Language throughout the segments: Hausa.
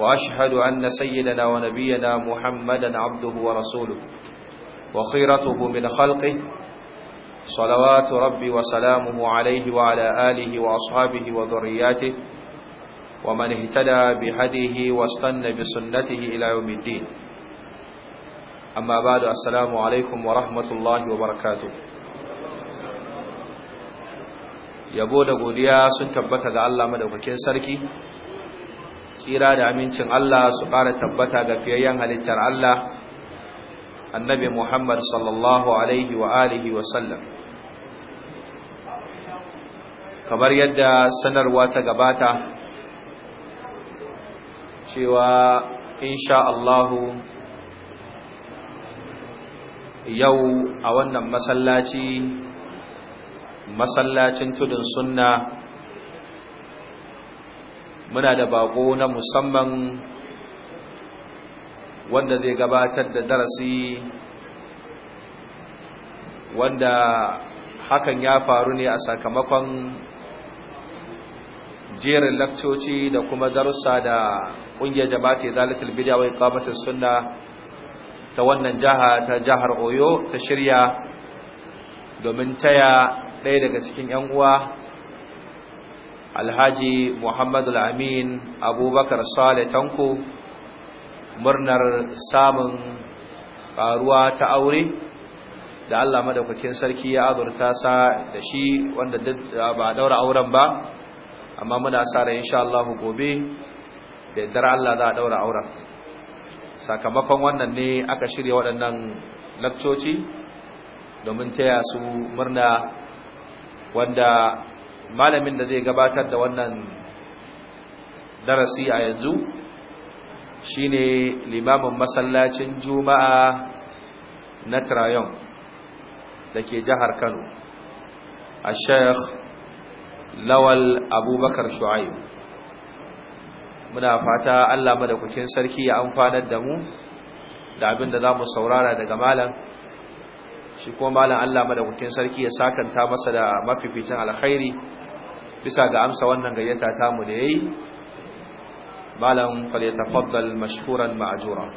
وأشهد أن سيدنا ونبينا محمدا عبده ورسوله وخيرته من خلقه صلوات ربي وسلامه عليه وعلى آله وأصحابه وذرياته ومن اهتدى بهديه واستنى بسنته إلى يوم الدين أما بعد السلام عليكم ورحمة الله وبركاته yabo da godiya sun tabbata ga Allah madaukakin sarki tsira da amincin Allah su ƙara tabbata ga fiyayyen halittar Allah annabi Muhammad sallallahu alaihi wa alihi wa sallam kamar yadda sanarwa ta gabata cewa insha Allahu yau a wannan masallaci masallacin tudun sunna muna da bako na musamman wanda zai gabatar da darasi wanda hakan ya faru ne a sakamakon jerin lakcoci da kuma darussa da ƙungiyar jama'ati zalatul bidya wa iqamatus sunna ta wannan jaha ta jahar Oyo ta shirya domin taya ɗaya daga cikin 'yan uwa alhaji muhammadu al'amin abubakar sale tanko murnar samun ƙaruwa ta aure da allah madaukakin sarki ya azurta sa da shi wanda ah, ba daura auren ba amma muna sa rai insha Allah gobe da dar Allah za a daura auren sakamakon wannan ne aka shirya waɗannan lakcoci domin taya su murna wanda malamin da zai gabatar da wannan darasi a yanzu shine limamin masallacin juma'a na trayon da ke jihar kano a sheikh lawal abubakar shu'aib muna fata allah madaukakin sarki ya amfanar da mu da abin da za mu saurara daga malam shi kuma malam Allah madaukakin sarki ya sakanta masa da mafificin alkhairi bisa ga amsa wannan gayyata ta mu da yayi malam falyatafaddal mashkuran ma'jura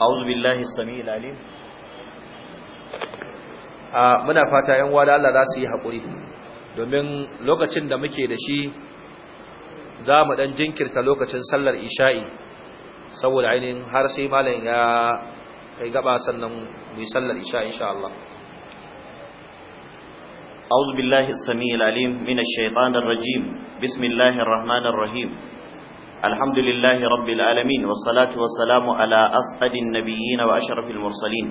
أعوذ بالله السميع العليم Aa, muna fata yan wa da Allah za su yi hakuri domin lokacin da muke da shi za mu ɗan jinkirta lokacin sallar isha'i saboda ainihin har sai malam ya kai gaba sannan mu yi sallar isha insha Allah أعوذ بالله السميع العليم من الشيطان الرجيم بسم الله الرحمن الرحيم الحمد لله رب العالمين والصلاة والسلام على أسعد النبيين وأشرف المرسلين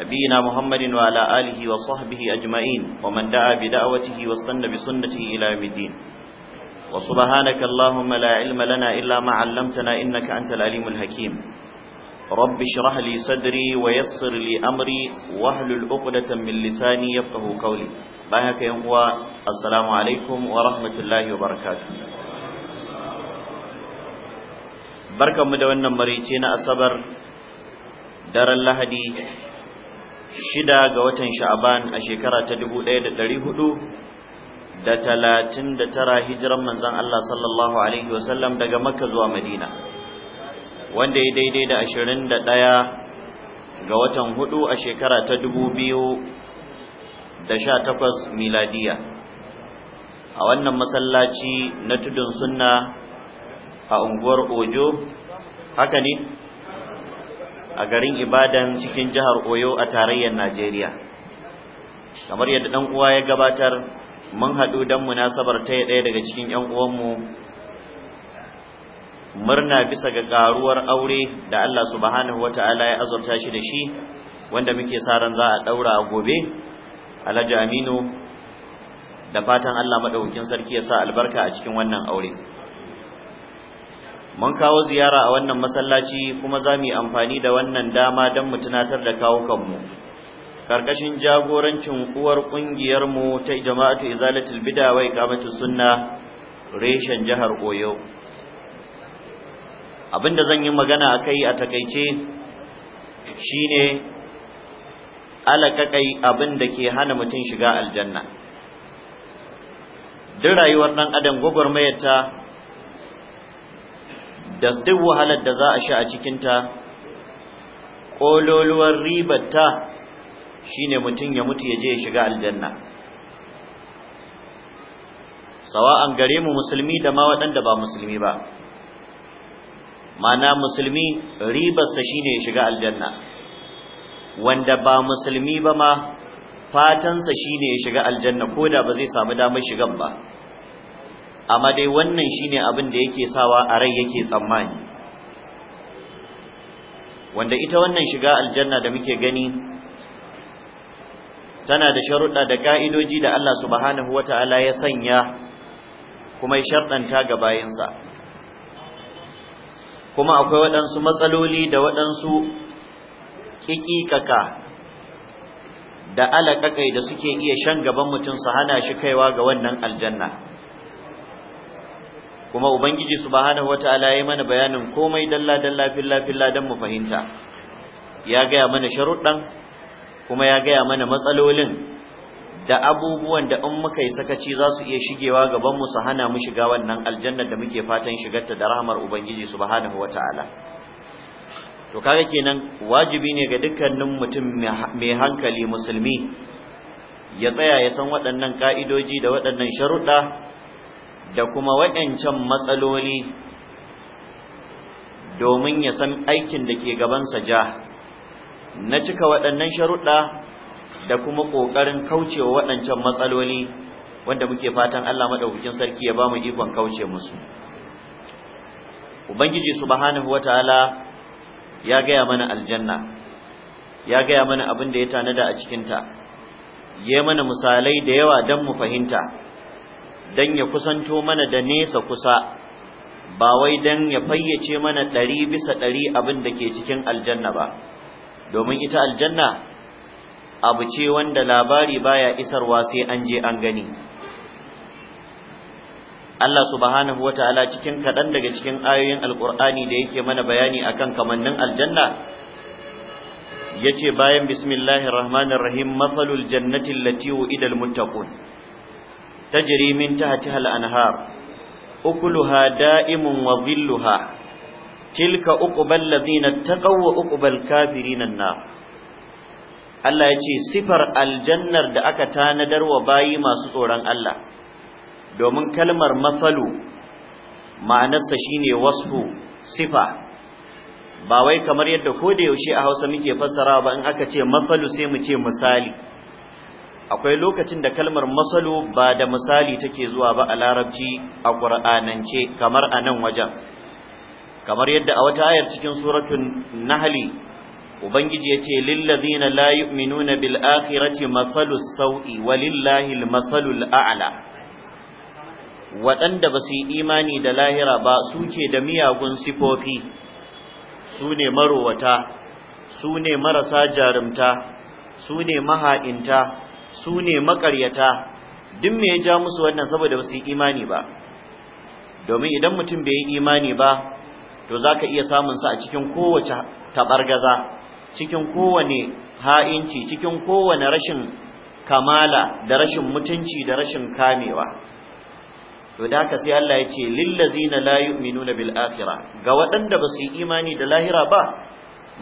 نبينا محمد وعلى آله وصحبه أجمعين ومن دعا بدعوته واستنى بسنته إلى يوم الدين وسبحانك اللهم لا علم لنا إلا ما علمتنا إنك أنت العليم الحكيم رب اشرح لي صدري ويسر لي أمري واحلل عقدة من لساني يفقه قولي باهك يوم السلام عليكم ورحمة الله وبركاته barkanmu da wannan marice na asabar daren lahadi shida ga watan sha'aban a shekara ta dubu ɗaya da ɗari hudu da talatin da tara hijiran manzan Allah sallallahu alaihi wasallam daga makka zuwa madina wanda ya daidai da ashirin da ɗaya ga watan hudu a shekara ta dubu biyu da sha takwas miladiya a wannan masallaci na tudun sunna a unguwar ojo haka ne a garin Ibadan cikin jihar Oyo a tarayyar Najeriya. Kamar yadda ɗan uwa ya gabatar, mun haɗu don munasabar ta ɗaya daga cikin ‘yan uwanmu murna bisa ga ƙaruwar aure da Allah subhanahu wa ta'ala ya azurta shi da shi, wanda muke sa ran za a ɗaura a gobe, Alhaji Aminu, da fatan Allah maɗaukin sarki ya sa albarka a cikin wannan aure. mun kawo ziyara a wannan masallaci kuma za mu yi amfani da wannan dama don mu tunatar da kawukanmu karkashin jagorancin uwar ƙungiyarmu ta jama'atu izalatul bida wa iqamatu sunna reshen jihar oyo abinda zan yi magana akai a takaice shine alakakai abin da ke hana mutum shiga aljanna duk rayuwar ɗan adam ta da duk wahalar da za a sha a cikinta ƙololuwar ribarta shine mutum ya mutu ya je ya shiga aljanna sawa'an gare mu musulmi da ma waɗanda ba musulmi ba mana musulmi ribarsa shine ya shiga aljanna wanda ba musulmi ba ma fatansa shine ya shiga aljanna ko da ba zai samu damar shigan ba amma dai wannan shine abin da yake sawa a rai yake tsammani wanda ita wannan shiga aljanna da muke gani tana da sharuɗa da ka'idoji da Allah subhanahu wata'ala ya sanya kuma ya sharɗanta ga bayansa kuma akwai waɗansu matsaloli da waɗansu ƙiƙiƙaka da alaƙaƙai da suke iya shan gaban mutum su hana shi kaiwa ga wannan aljanna kuma ubangiji subhanahu wataala yayi mana bayanin komai dalla dalla filla filla dan mu fahimta ya gaya mana sharuɗan kuma ya gaya mana matsalolin da abubuwan da in muka yi sakaci za su iya shigewa gaban mu su hana mu shiga wannan aljanna da muke fatan shigarta da rahmar ubangiji subhanahu wataala to kaga kenan wajibi ne ga dukkanin mutum mai hankali musulmi ya tsaya ya san waɗannan ka'idoji da waɗannan sharuɗa da kuma waɗancan matsaloli domin ya san aikin da ke gabansa ja na cika waɗannan sharuɗa da kuma ƙoƙarin kaucewa waɗancan matsaloli wanda muke fatan Allah maɗaukakin sarki ya ba mu ikon kauce musu ubangiji subhanahu wataala ya gaya mana aljanna ya gaya mana abin da ya tanada a cikinta ya mana misalai da yawa don mu fahimta Dan ya kusanto mana da nesa kusa ba wai dan ya fayyace mana ɗari bisa ɗari abin da ke cikin aljanna ba domin ita aljanna abu ce wanda labari baya isarwa sai an je an gani Allah subhanahu wa ta'ala cikin kaɗan daga cikin ayoyin alƙur'ani da yake mana bayani akan kamannin aljanna yace bayan bismillahir rahmanir rahim masalul jannati allati wu'ida al tajri min tahtiha al-anhar ukuluha da'imun wa dhilluha tilka uqbal ladina taqaw wa uqbal kafirin an-nar Allah ya ce sifar aljannar da aka tanadar wa bayi masu tsoron Allah domin kalmar masalu ma'anarsa shine wasfu sifa ba wai kamar yadda ko da yaushe a Hausa muke fassara ba in aka ce masalu sai mu ce misali akwai lokacin da kalmar masalu ba da misali take zuwa ba a larabci a ƙur'anance kamar a nan wajen kamar yadda a wata ayar cikin suratun nahali ubangiji yace lillazina la yu'minuna bil akhirati masalu sau'i, walillahi al masalul a'la waɗanda ba su yi imani da lahira ba su ke da miyagun sifofi su ne marowata su ne marasa jarumta su ne maha'inta su ne makaryata duk me ya ja musu wannan saboda ba su yi imani ba domin idan mutum bai yi imani ba to za ka iya samun sa a cikin kowace tabargaza cikin kowane ha'inci cikin kowane rashin kamala da rashin mutunci da rashin kamewa to da ka sai Allah ya ce lillazina la yu'minuna bil akhirah ga waɗanda ba su yi imani da lahira ba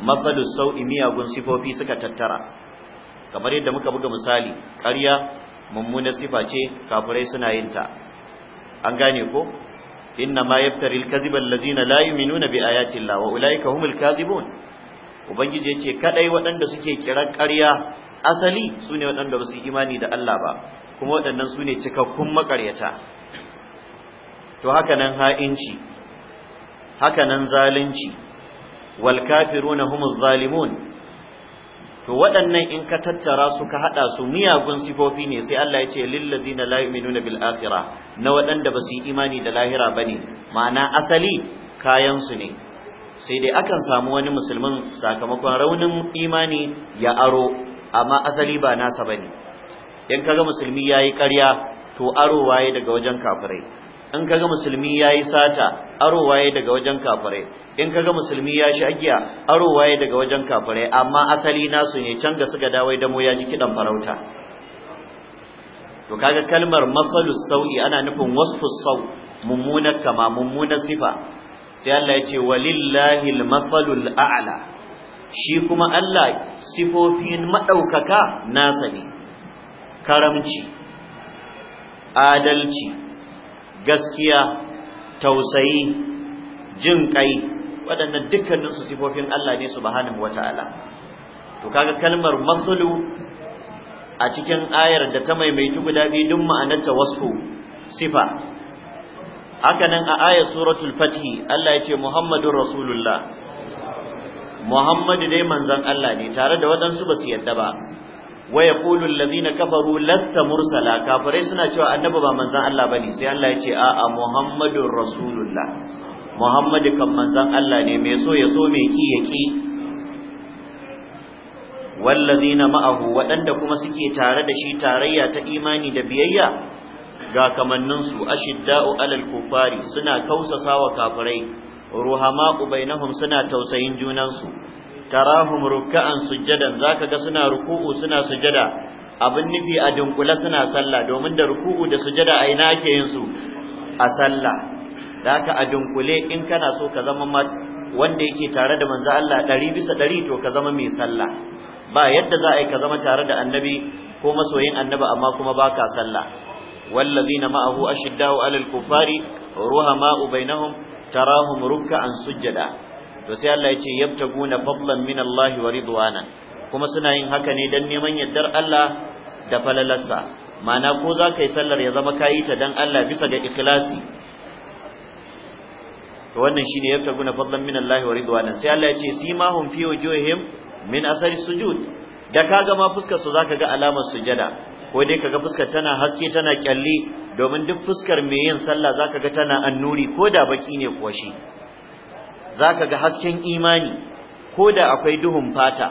masalus sau'i miyagun sifofi suka tattara kamar yadda muka buga misali ƙarya mummunar sifa ce kafirai suna yin ta an gane ko inna ma yaftari kadhiba allazina la yu'minuna bi ayati llahi wa ulaika humul kadhibun ubangiji yace kadai waɗanda suke kiran ƙarya asali sune waɗanda ba imani da Allah ba kuma waɗannan sune cikakkun makaryata to haka nan ha'inci haka nan zalunci wal kafiruna humuz zalimun to waɗannan in ka tattara su ka haɗa su miyagun sifofi ne sai Allah ya ce lillazina la yu'minuna bil akhirah na waɗanda ba su yi imani da lahira bane ma'ana asali kayansu ne sai dai akan samu wani musulmin sakamakon raunin imani ya aro amma asali ba nasa bane in kaga musulmi yayi ƙarya to aro waye daga wajen kafirai in kaga musulmi yayi sata aro waye daga wajen kafirai in kaga musulmi ya sha giya aro waye daga wajen kafirai amma asali nasu ne can da suka dawai da ya ji kidan farauta to kaga kalmar masalus sau'i ana nufin wasfus sau mummunar kama mummuna sifa sai Allah ya ce walillahi almasalul a'la shi kuma Allah sifofin madaukaka nasa ne karamci adalci gaskiya tausayi jin kai waɗannan dukkanin sifofin Allah ne subhanahu wataala to kaga kalmar masalu a cikin ayar da ta maimaitu guda biyu duk ma'anarta wasu sifa hakanan a ayar suratul fathi Allah ya ce Muhammadur Rasulullah Muhammadu dai manzon Allah ne tare da waɗansu ba su yadda ba wa yaqulu allazina kafaru lasta mursala kafirai suna cewa annabi ba manzan Allah bane sai Allah ya ce a'a Muhammadur Rasulullah Muhammadu kan manzan Allah ne mai so ya so mai ki ya ki wallazina ma'ahu waɗanda kuma suke tare da shi tarayya ta imani da biyayya ga kamanninsu ashidda'u alal kufari suna kausasa wa kafirai ruhama'u bainahum suna tausayin junansu tarahum ruka'an sujjadan zaka ga suna ruku'u suna sujjada abin nufi a dunkule suna sallah domin da ruku'u da sujjada a ina ake yin su a sallah da haka a dunkule in kana so ka zama wanda yake tare da manzo Allah ɗari bisa ɗari to ka zama mai sallah ba yadda za a yi ka zama tare da annabi ko masoyin annabi amma kuma baka sallah wallazina ma'ahu ashiddahu alal kufari ruhama'u bainahum tarahum ruk'an sujjada to sai Allah ya ce yabtaguna fadlan min Allah wa ridwana kuma suna yin haka ne dan neman yardar Allah da falalarsa ma'ana ko za ka yi sallar ya zama kayi ta dan Allah bisa ga ikhlasi to wannan shine guna fadlan min Allah wa ridwana sai Allah ya ce simahum fi wujuhihim min asari sujud da kaga ma fuskar su zaka ga alamar sujada ko dai kaga fuskar tana haske tana kyalli domin duk fuskar mai yin sallah zaka ga tana annuri ko da baki ne kuwa shi zaka ga hasken imani ko da akwai duhun fata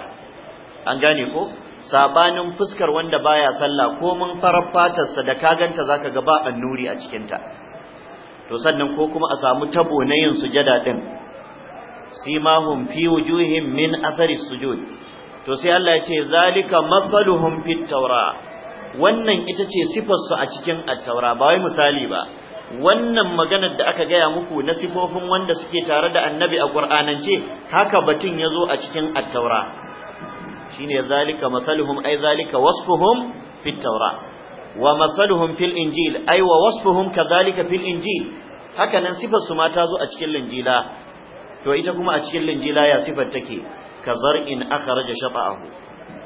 an gane ko sabanin fuskar wanda baya sallah ko mun farar fatarsa da kaganta zaka ga ba annuri a cikinta to sannan ko kuma a samu tabo na yin sujada din simahum fi wujuhim min asari sujud to sai Allah ya ce zalika masaluhum fit tawra wannan ita ce sifar su a cikin at-taura ba wai misali ba wannan maganar da aka gaya muku na sifofin wanda suke tare da annabi a qur'anance haka batun yazo a cikin at-taura shine zalika masaluhum ay zalika wasfuhum fit tawra wa masaluhum fil injil ay wa wasfuhum kadhalika fil injil haka nan sifar su ma ta zo a cikin linjila to ita kuma a cikin linjila ya sifar take ka zar'in akhraja shata'ahu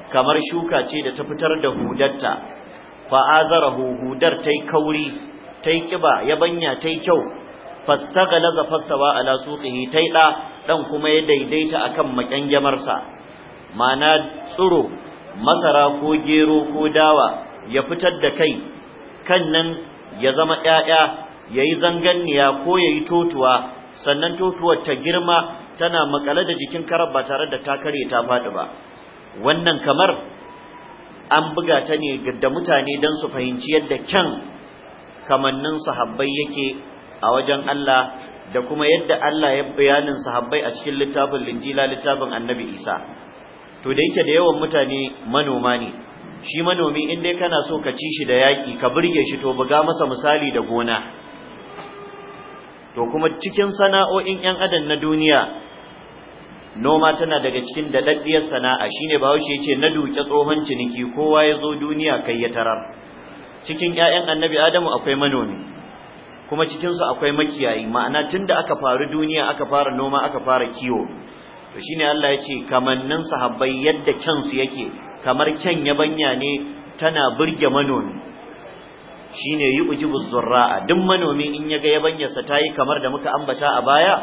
kamar shuka ce da ta fitar da hudarta fa azarahu hudar tai kauri tai kiba yabanya tai kyau fastaghalaza fastawa ala suqihi tai da dan kuma ya daidaita akan makyangamarsa ma'ana tsuro masara ko gero ko dawa ya fitar da kai kan nan ya zama ƴaƴa yi zanganniya ko ya yi totuwa sannan totuwar ta girma tana makale da jikin karar ba tare da ta kare ta faɗi ba wannan kamar an buga ta ne da mutane don su fahimci yadda kyan kamannin sahabbai yake a wajen Allah da kuma yadda Allah ya bayanin sahabbai a cikin littafin linjila littafin annabi Isa to da yake da yawan mutane manoma ne shi manomi in dai kana so ka ci shi da yaƙi ka burge shi to buga masa misali da gona to kuma cikin sana'o'in 'yan adam na duniya noma tana daga cikin daɗaɗɗiyar sana'a shine bahaushe ya ce na duke tsohon ciniki kowa ya zo duniya kai ya tarar cikin 'ya'yan annabi adamu akwai manomi kuma cikinsu akwai makiyayi ma'ana tun da aka faru duniya aka fara noma aka fara kiwo to shine Allah ya ce kamannin sahabbai yadda kyansu yake kamar kyan yabanya ne tana burge manomi shine yujibu zurra'a duk manomi in ya ga yabanyarsa ta yi kamar da muka ambata a baya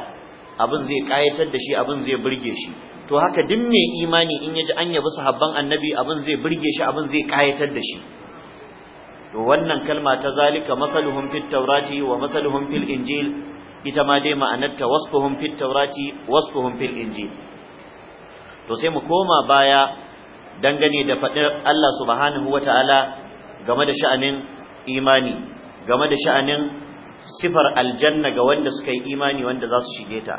abin zai kayatar da shi abin zai burge shi to haka duk mai imani in yaji an yabi sahabban annabi abin zai burge shi abin zai kayatar da shi to wannan kalma ta zalika masaluhum fit tawrati wa masaluhum fil injil ita ma dai ma'anarta wasfuhum fit tawrati wasfuhum fil injil to sai mu koma baya dangane da faɗin Allah subhanahu Ta'ala game da sha'anin imani game da sha'anin sifar aljanna ga wanda suka yi imani wanda za su shige ta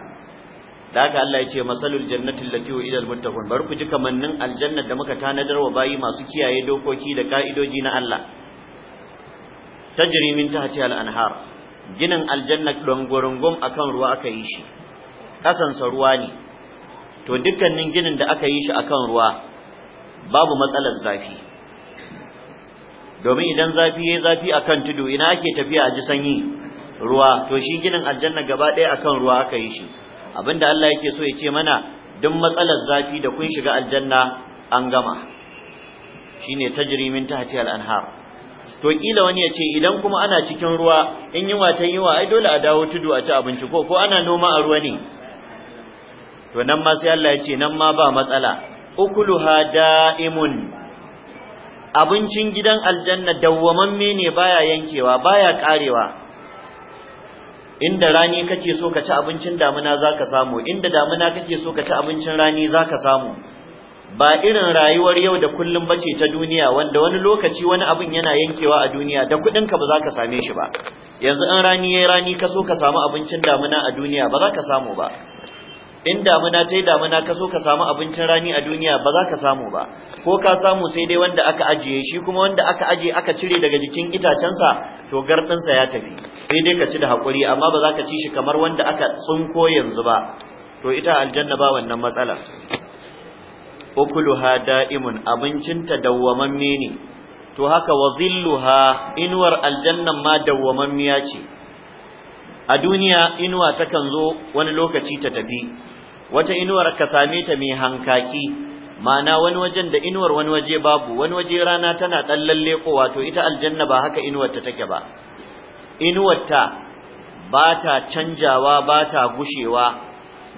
da haka Allah ya ce masalul jannati allati idal almuttaqun bar ku ji kamannin aljanna da muka tanadar wa bayi masu kiyaye dokoki da ka'idoji na Allah tajri min tahtiha al-anhar ginin aljanna dongorongom akan ruwa aka yi shi kasansa ruwa ne to dukkanin ginin da aka yi shi akan ruwa babu matsalar zafi domin idan zafi yayi zafi akan tudu ina ake tafiya a ji sanyi ruwa to shi ginin aljanna gaba ɗaya akan ruwa aka yi shi abinda Allah yake so ya ce mana duk matsalar zafi da kun shiga aljanna an gama shine tajri min tahti al-anhar to kila wani ya ce idan kuma ana cikin ruwa in yi ta yiwa ai dole a dawo tudu a ci abinci ko ko ana noma a ruwa ne to nan ma sai Allah ya ce nan ma ba matsala ukuluha da'imun abincin gidan aljanna dawwamamme ne baya yankewa baya karewa inda rani kake so ka ci abincin damuna zaka samu inda damuna kake so ka ci abincin rani zaka samu ba irin rayuwar yau da kullum bace ta duniya wanda wani lokaci wani abin yana yankewa a duniya da kuɗinka ka ba za same shi ba yanzu in rani yayi rani ka so ka samu abincin damuna a duniya ba za ka samu ba in damuna ta yi damuna ka so ka samu abincin rani a duniya ba za ka samu ba ko ka samu sai dai wanda aka ajiye shi kuma wanda aka ajiye aka cire daga jikin itacensa to gardinsa ya tafi sai dai ka ci da haƙuri amma ba za ka ci shi kamar wanda aka tsunko yanzu ba to ita aljanna ba wannan matsala ukuluha da'imun abincinta dawwamamme ne to haka wa zilluha inuwar aljannan ma dawwamammiya ce a duniya inuwa takan zo wani lokaci ta tafi wata inuwar ka same ta mai hankaki ma'ana wani wajen da inuwar wani waje babu wani waje rana tana dan lalle ko wato ita aljanna ba haka inuwar ta take ba inuwar ta ba ta canjawa ba ta gushewa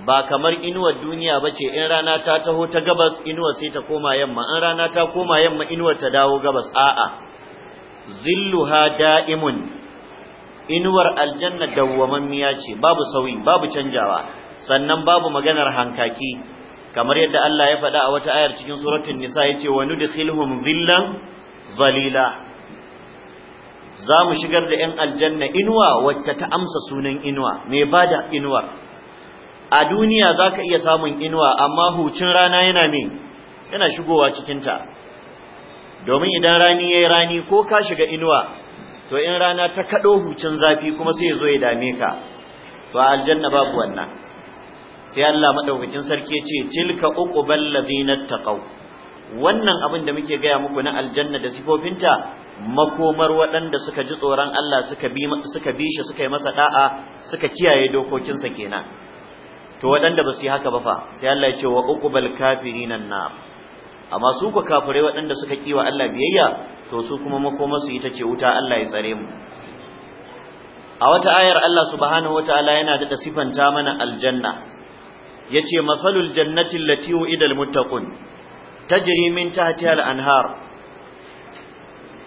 ba kamar inuwar duniya ba ce in rana ta taho ta gabas inuwar sai ta koma yamma in rana ta koma yamma inuwar ta dawo gabas a'a zilluha da'imun inuwar aljanna dawwamammiya ce babu sauyi babu canjawa sannan babu maganar hankaki kamar yadda Allah ya faɗa a wata ayar cikin suratul nisa yace wa nudkhilhum dhillan zalila za mu shigar da 'yan aljanna inuwa wacce ta amsa sunan inuwa mai bada inuwar a duniya za ka iya samun inuwa amma hucin rana yana me yana shigowa cikinta domin idan rani ya yi rani ko ka shiga inuwa to in rana ta kaɗo hucin zafi kuma sai ya zo ya dame ka to aljanna babu wannan sai Allah madaukakin sarki ya ce tilka uqbal ladina taqaw wannan abin da muke gaya muku na aljanna da sifofinta makomar waɗanda suka ji tsoron Allah suka bi suka bi shi suka yi masa da'a suka kiyaye dokokinsa kenan to waɗanda ba su yi haka ba fa sai Allah ya ce wa uqbal kafirin nar amma su ku kafirai waɗanda suka kiwa Allah biyayya to su kuma makomar su ita ce wuta Allah ya tsare mu a wata ayar Allah subhanahu wataala yana da sifanta mana aljanna yace masalul jannati allati wa'ida muttaqun tajri min tahtiha al-anhar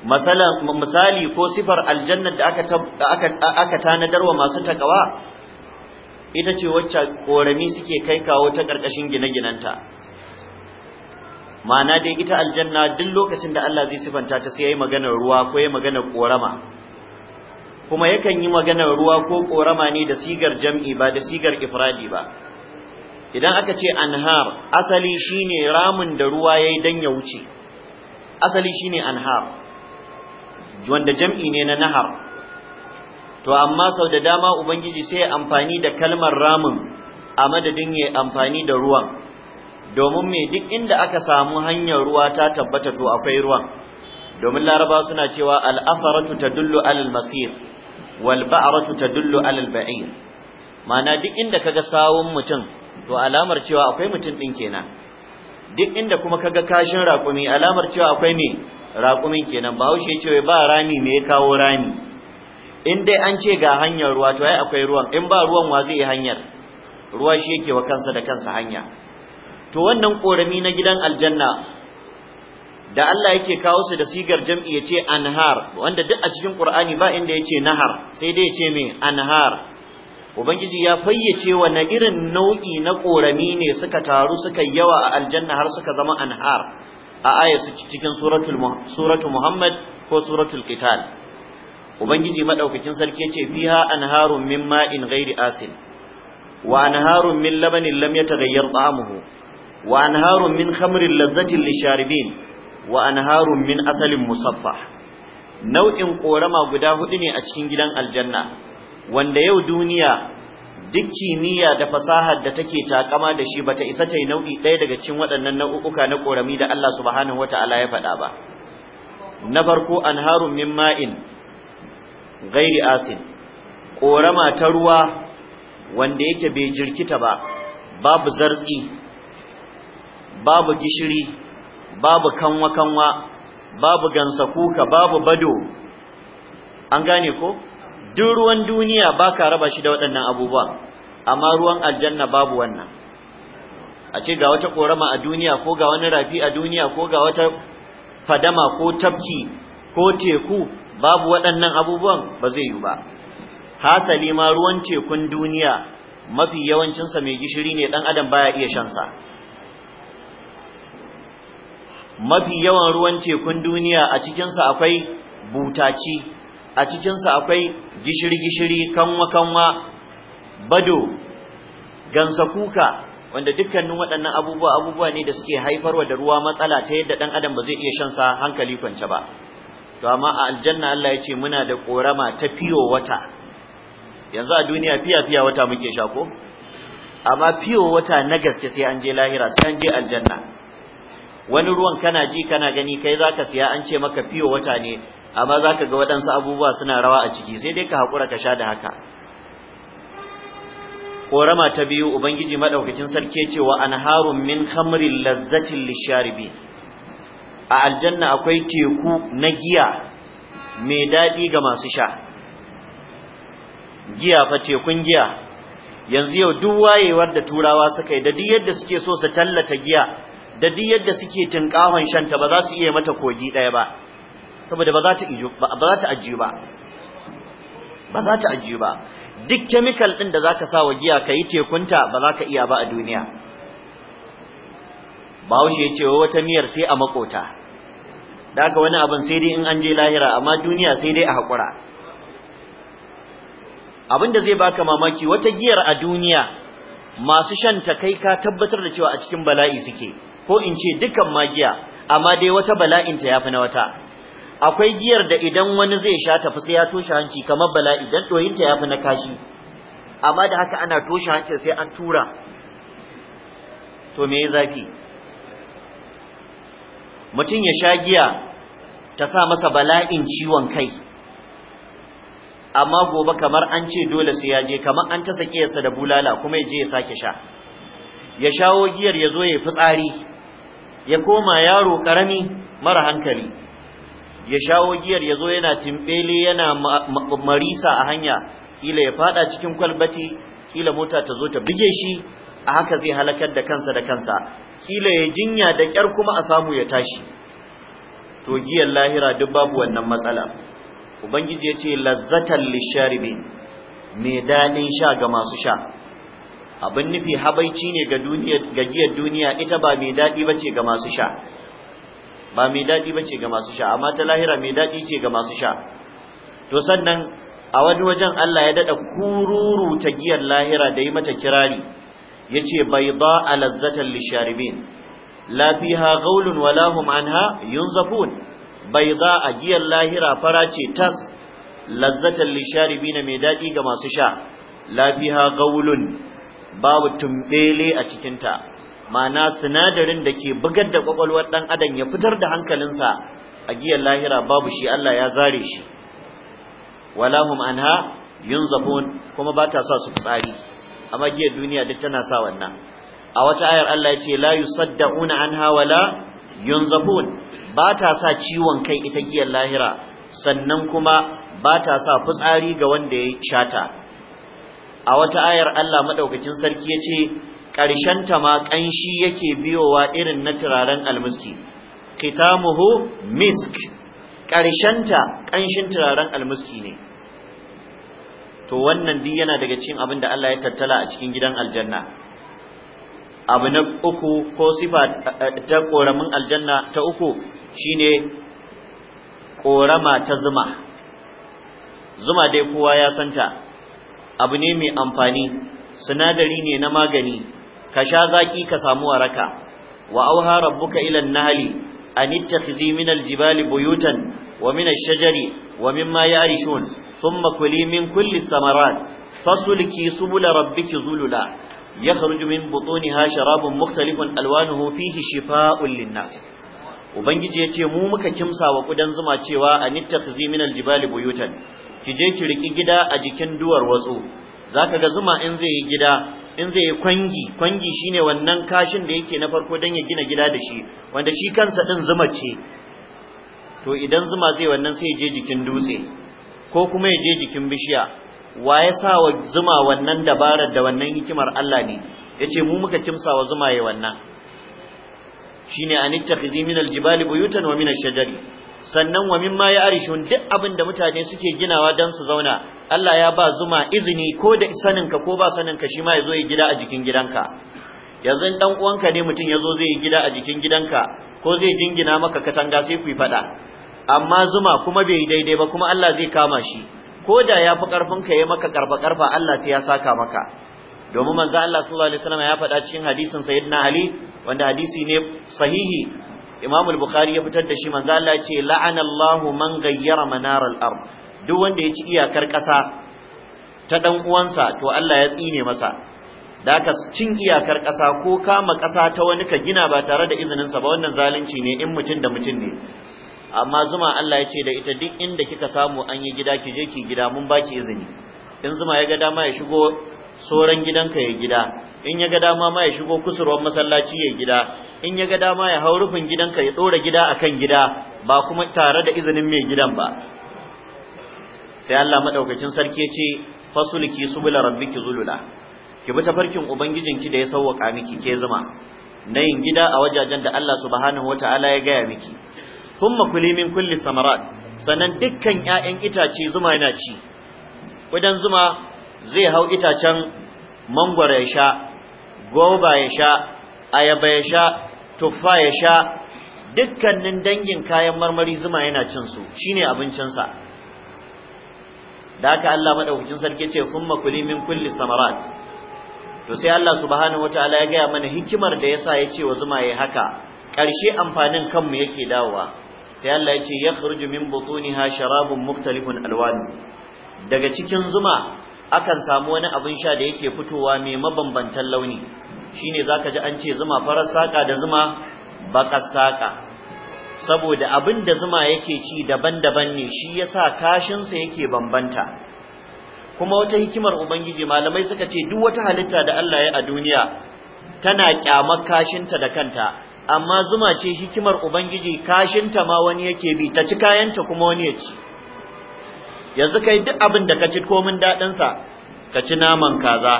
masala misali ko sifar aljanna da aka aka aka tanadarwa masu takawa ita ce wacce korami suke kai kawo ta karkashin gine-ginanta ma'ana dai ita aljanna duk lokacin da Allah zai sifanta ta sai yayi maganar ruwa ko yayi maganar korama kuma yakan yi maganar ruwa ko korama ne da sigar jam'i ba da sigar ifradi ba idan aka ce anhar asali shine ramin da ruwa yayi dan ya wuce asali shine anhar wanda jam'i ne na nahar to amma sau da dama ubangiji sai ya amfani da kalmar ramin a madadin ya amfani da ruwan domin me duk inda aka samu hanyar ruwa ta tabbata to akwai ruwan domin laraba suna cewa al-afaratu tadullu alal masir wal ba'ratu tadullu alal ba'ir mana duk inda kaga sawun mutum to alamar cewa akwai mutum din kenan duk inda kuma kaga kashin raƙumi alamar cewa akwai me raƙumin kenan bahaushe cewa ba rami me ya kawo rami in dai an ce ga hanyar ruwa to ai akwai ruwan in ba ruwan wa zai hanyar ruwa shi yake wa kansa da kansa hanya to wannan korami na gidan aljanna da Allah yake kawo su da sigar jam'i yace anhar wanda duk a cikin Qur'ani ba inda yace nahar sai dai yace me anhar ubangiji ya fayyace na irin nau'i na ƙorami ne suka taru suka yawa a aljanna har suka zama anhar a ayatu cikin suratul suratu muhammad ko suratul qital ubangiji madaukakin sarki yace fiha harun min ma'in Gairi asin wa harun min labanin lam yataghayyar ta'amuhu wa harun min khamrin lazzatin lisharibin wa harun min asalin Musaffa. nau'in ƙorama guda hudu ne a cikin gidan aljanna wanda yau duniya duk kimiyya da fasahar da take takama da shi bata isa ta yi nau'i ɗaya daga cikin waɗannan nau'uka na ƙorami da Allah subhanahu wata'ala ya faɗa ba na farko anharun min ma'in ghairi asin ƙorama ta ruwa wanda yake bai jirkita ba babu zartsi babu gishiri babu kanwa kanwa babu gansa kuka babu bado an gane ko duk ruwan duniya baka raba shi da waɗannan abubuwa amma ruwan aljanna babu wannan a ce ga wata korama a duniya ko ga wani rafi a duniya ko ga wata fadama ko tafki ko teku babu waɗannan abubuwan ba zai yi ba hasali ma ruwan tekun duniya mafi yawancinsa mai gishiri ne ɗan adam baya iya shan sa. mafi yawan ruwan tekun duniya a cikinsa akwai butaci a cikinsa akwai gishiri-gishiri kanwa-kanwa bado gansa kuka wanda dukkanin waɗannan abubuwa abubuwa ne da suke haifarwa da ruwa matsala ta yadda ɗan adam ba zai iya shan sa hankali kwance ba to amma a aljanna Allah ya ce muna da korama ta fiyo wata yanzu a duniya fiya fiya wata muke sha ko amma fiyo wata na gaske sai an je lahira sai an je aljanna wani ruwan kana ji kana gani kai zaka siya an ce maka fiyo wata ne amma za ka ga waɗansu abubuwa suna rawa a ciki sai dai ka haƙura ka sha da haka Ƙorama ta biyu ubangiji maɗaukacin sarki ya ce wa 'an harun min khamrin lazzatin lisharibi a aljanna akwai teku na giya mai daɗi ga masu sha giya fa tekun giya yanzu yau duk wayewar da turawa suka yi da duk yadda suke so su tallata giya da duk yadda suke tinkawan shanta ba za su iya mata kogi ɗaya ba saboda ba za ta ijo ba za ta ajiyu ba ba za ta ajiyu ba duk chemical din da zaka sa wa giya kai tekunta ba za ka iya ba a duniya Bahaushe ya ce wata miyar sai a makota da ga wani abin sai dai in an je lahira amma duniya sai dai a hakura abin da zai baka mamaki wata giyar a duniya masu shan ta kai ka tabbatar da cewa a cikin bala'i suke ko in ce dukan magiya amma dai wata bala'in ta yafi na wata akwai giyar da idan wani zai sha tafi sai ya toshe hanci kamar bala'i idan doyinta fi na kashi amma da haka ana toshe hanci sai an tura to me zafi mutum ya sha giya ta sa masa bala'in ciwon kai amma gobe kamar an ce dole sai ya je kamar an ta sake yasa da bulala kuma ya je ya sake sha ya shawo giyar ya zo ya fi tsari, ya koma yaro karami mara hankali ya shawo giyar ya zo yana timbele yana marisa a hanya kila ya fada cikin kwalbati kila mota ta zo ta buge shi a haka zai halakar da kansa da kansa kila ya jinya da kyar kuma a samu ya tashi to giyar lahira duk babu wannan matsala ubangiji yace ce lazzatan lisharibi mai daɗin sha ga masu sha abin nufi habaici ne ga giyar duniya ita ba mai daɗi ba ce ga masu sha ba mai daɗi ba ce ga masu sha amma ta lahira mai daɗi ce ga masu sha to sannan a wani wajen Allah ya daɗa kururu ta giyar lahira da yi mata kirari ya ce bai ba a lazzatar lisharibin lafiha gaulun walahum anha yun zafun bai za a giyar lahira fara ce tas lazzatar lisharibin mai daɗi ga masu sha lafiha gaulun babu tumbele a cikinta ma'ana sinadarin da ke bugar da kwakwalwar ɗan adam ya fitar da hankalinsa a giyar lahira babu shi Allah ya zare shi wala Anha anha zafon kuma ba ta sa su tsari amma giyar duniya duk tana sa wannan a wata ayar Allah ya ce la yusaddauna anha wala zafon ba ta sa ciwon kai ita giyar lahira sannan kuma ba ta sa fitsari ga wanda ya shata a wata ayar Allah madaukakin sarki ya ce ƙarshen ta ma ƙanshi yake biyowa irin na turaren almiski khitamuhu misk ƙarshen ta ƙanshin turaren almiski ne to wannan duk yana daga cikin abin da Allah ya tattala a cikin gidan aljanna abu na uku ko sifa eh, ta ƙoramin aljanna ta uku shine ƙorama ta zuma zuma dai kowa ya santa abu ne mai amfani sinadari ne na magani ka sha zaki ka samu waraka wa auha rabbuka ila an-nahli an min al-jibali buyutan wa min ash-shajari wa mimma ya'rishun thumma kuli min kulli thamarat fasulki subula rabbiki zulula yakhruju min butuniha sharabun mukhtalifun alwanuhu fihi shifaa'un lin-nas ubangiji yace mu muka kimsa wa kudan zuma cewa anittakhidhi min al-jibali buyutan kije ki riki gida a jikin duwar watsu zaka ga zuma in zai yi gida in zai yi kwangi kwangi shine wannan kashin da yake na farko dan ya gina gida da shi wanda shi kansa din zuma ce to idan zuma zai wannan sai je jikin dutse ko kuma ya je jikin bishiya wa ya sa wa zuma wannan dabarar da wannan hikimar Allah ne ya ce mu muka kimsa wa zuma yayi wannan shine anittakhidhi minal jibali buyutan wa minash shajari sannan wa mimma ya arishun duk abin da mutane suke ginawa don su zauna Allah ya ba zuma izini ko da saninka ko ba saninka shi ma ya zo ya gida a jikin gidanka yanzu dan uwanka ne mutum ya zo zai yi gida a jikin gidanka ko zai jingina maka katanga sai ku yi faɗa amma zuma kuma bai yi daidai ba kuma Allah zai kama shi ko da ya fi ƙarfinka ya maka karfa karfa Allah sai ya saka maka domin manzo Allah sallallahu alaihi wasallam ya faɗa cikin hadisin sayyidina Ali wanda hadisi ne sahihi Imam al-Bukhari ya fitar da shi manzo Allah ce la'anallahu man gayyara manar al-ard duk wanda ya ci iyakar ƙasa ta dan uwansa to Allah ya tsine masa da ka cin iyakar ƙasa ko kama ƙasa ta wani ka gina ba tare da izinin sa ba wannan zalunci ne in mutum da mutum ne amma zuma Allah ya ce da ita duk inda kika samu an yi gida ki je ki gida mun baki izini in zuma ya ga dama ya shigo soran gidanka ya gida in ya ga dama ma ya shigo kusurwar masallaci ya gida in ya ga dama ya hau rufin gidanka ya ɗora gida akan gida ba kuma tare da izinin mai gidan ba sai Allah madaukakin sarki ya ce fasulki subula rabbiki zulula ki bi tafarkin ki da ya sauwaka miki ke zama na yin gida a wajajen da Allah subhanahu wataala ya gaya miki thumma kuli min kulli samarat sannan dukkan ƴaƴan itace zuma yana ci kudan zuma zai hau itacen mangwaro ya sha goba ya sha ayaba ya sha tuffa ya sha dukkanin dangin kayan marmari zuma yana cin su shine abincinsa da haka Allah madaukakin sarki ce kuma kuli min kulli samarat to sai Allah subhanahu wataala ya gaya mana hikimar da yasa ya ce wa zuma yayi haka Karshe amfanin kanmu yake dawowa sai Allah ya ce yakhruju min butuniha sharabun muktalifun alwan daga cikin zuma akan samu wani abin sha da yake fitowa mai mabambantan launi shine zaka ji an ce zuma farar saka da zuma bakar saka saboda abin da zuma yake ci daban-daban ne shi yasa kashinsa yake bambanta kuma wata hikimar ubangiji malamai suka ce duk wata halitta da Allah ya a duniya tana kyamar kashinta da kanta amma zuma ce hikimar ubangiji kashinta ma wani yake bi ta ci kayanta kuma wani ya ci yanzu kai duk abin da ka ci komin daɗin sa ka ci naman kaza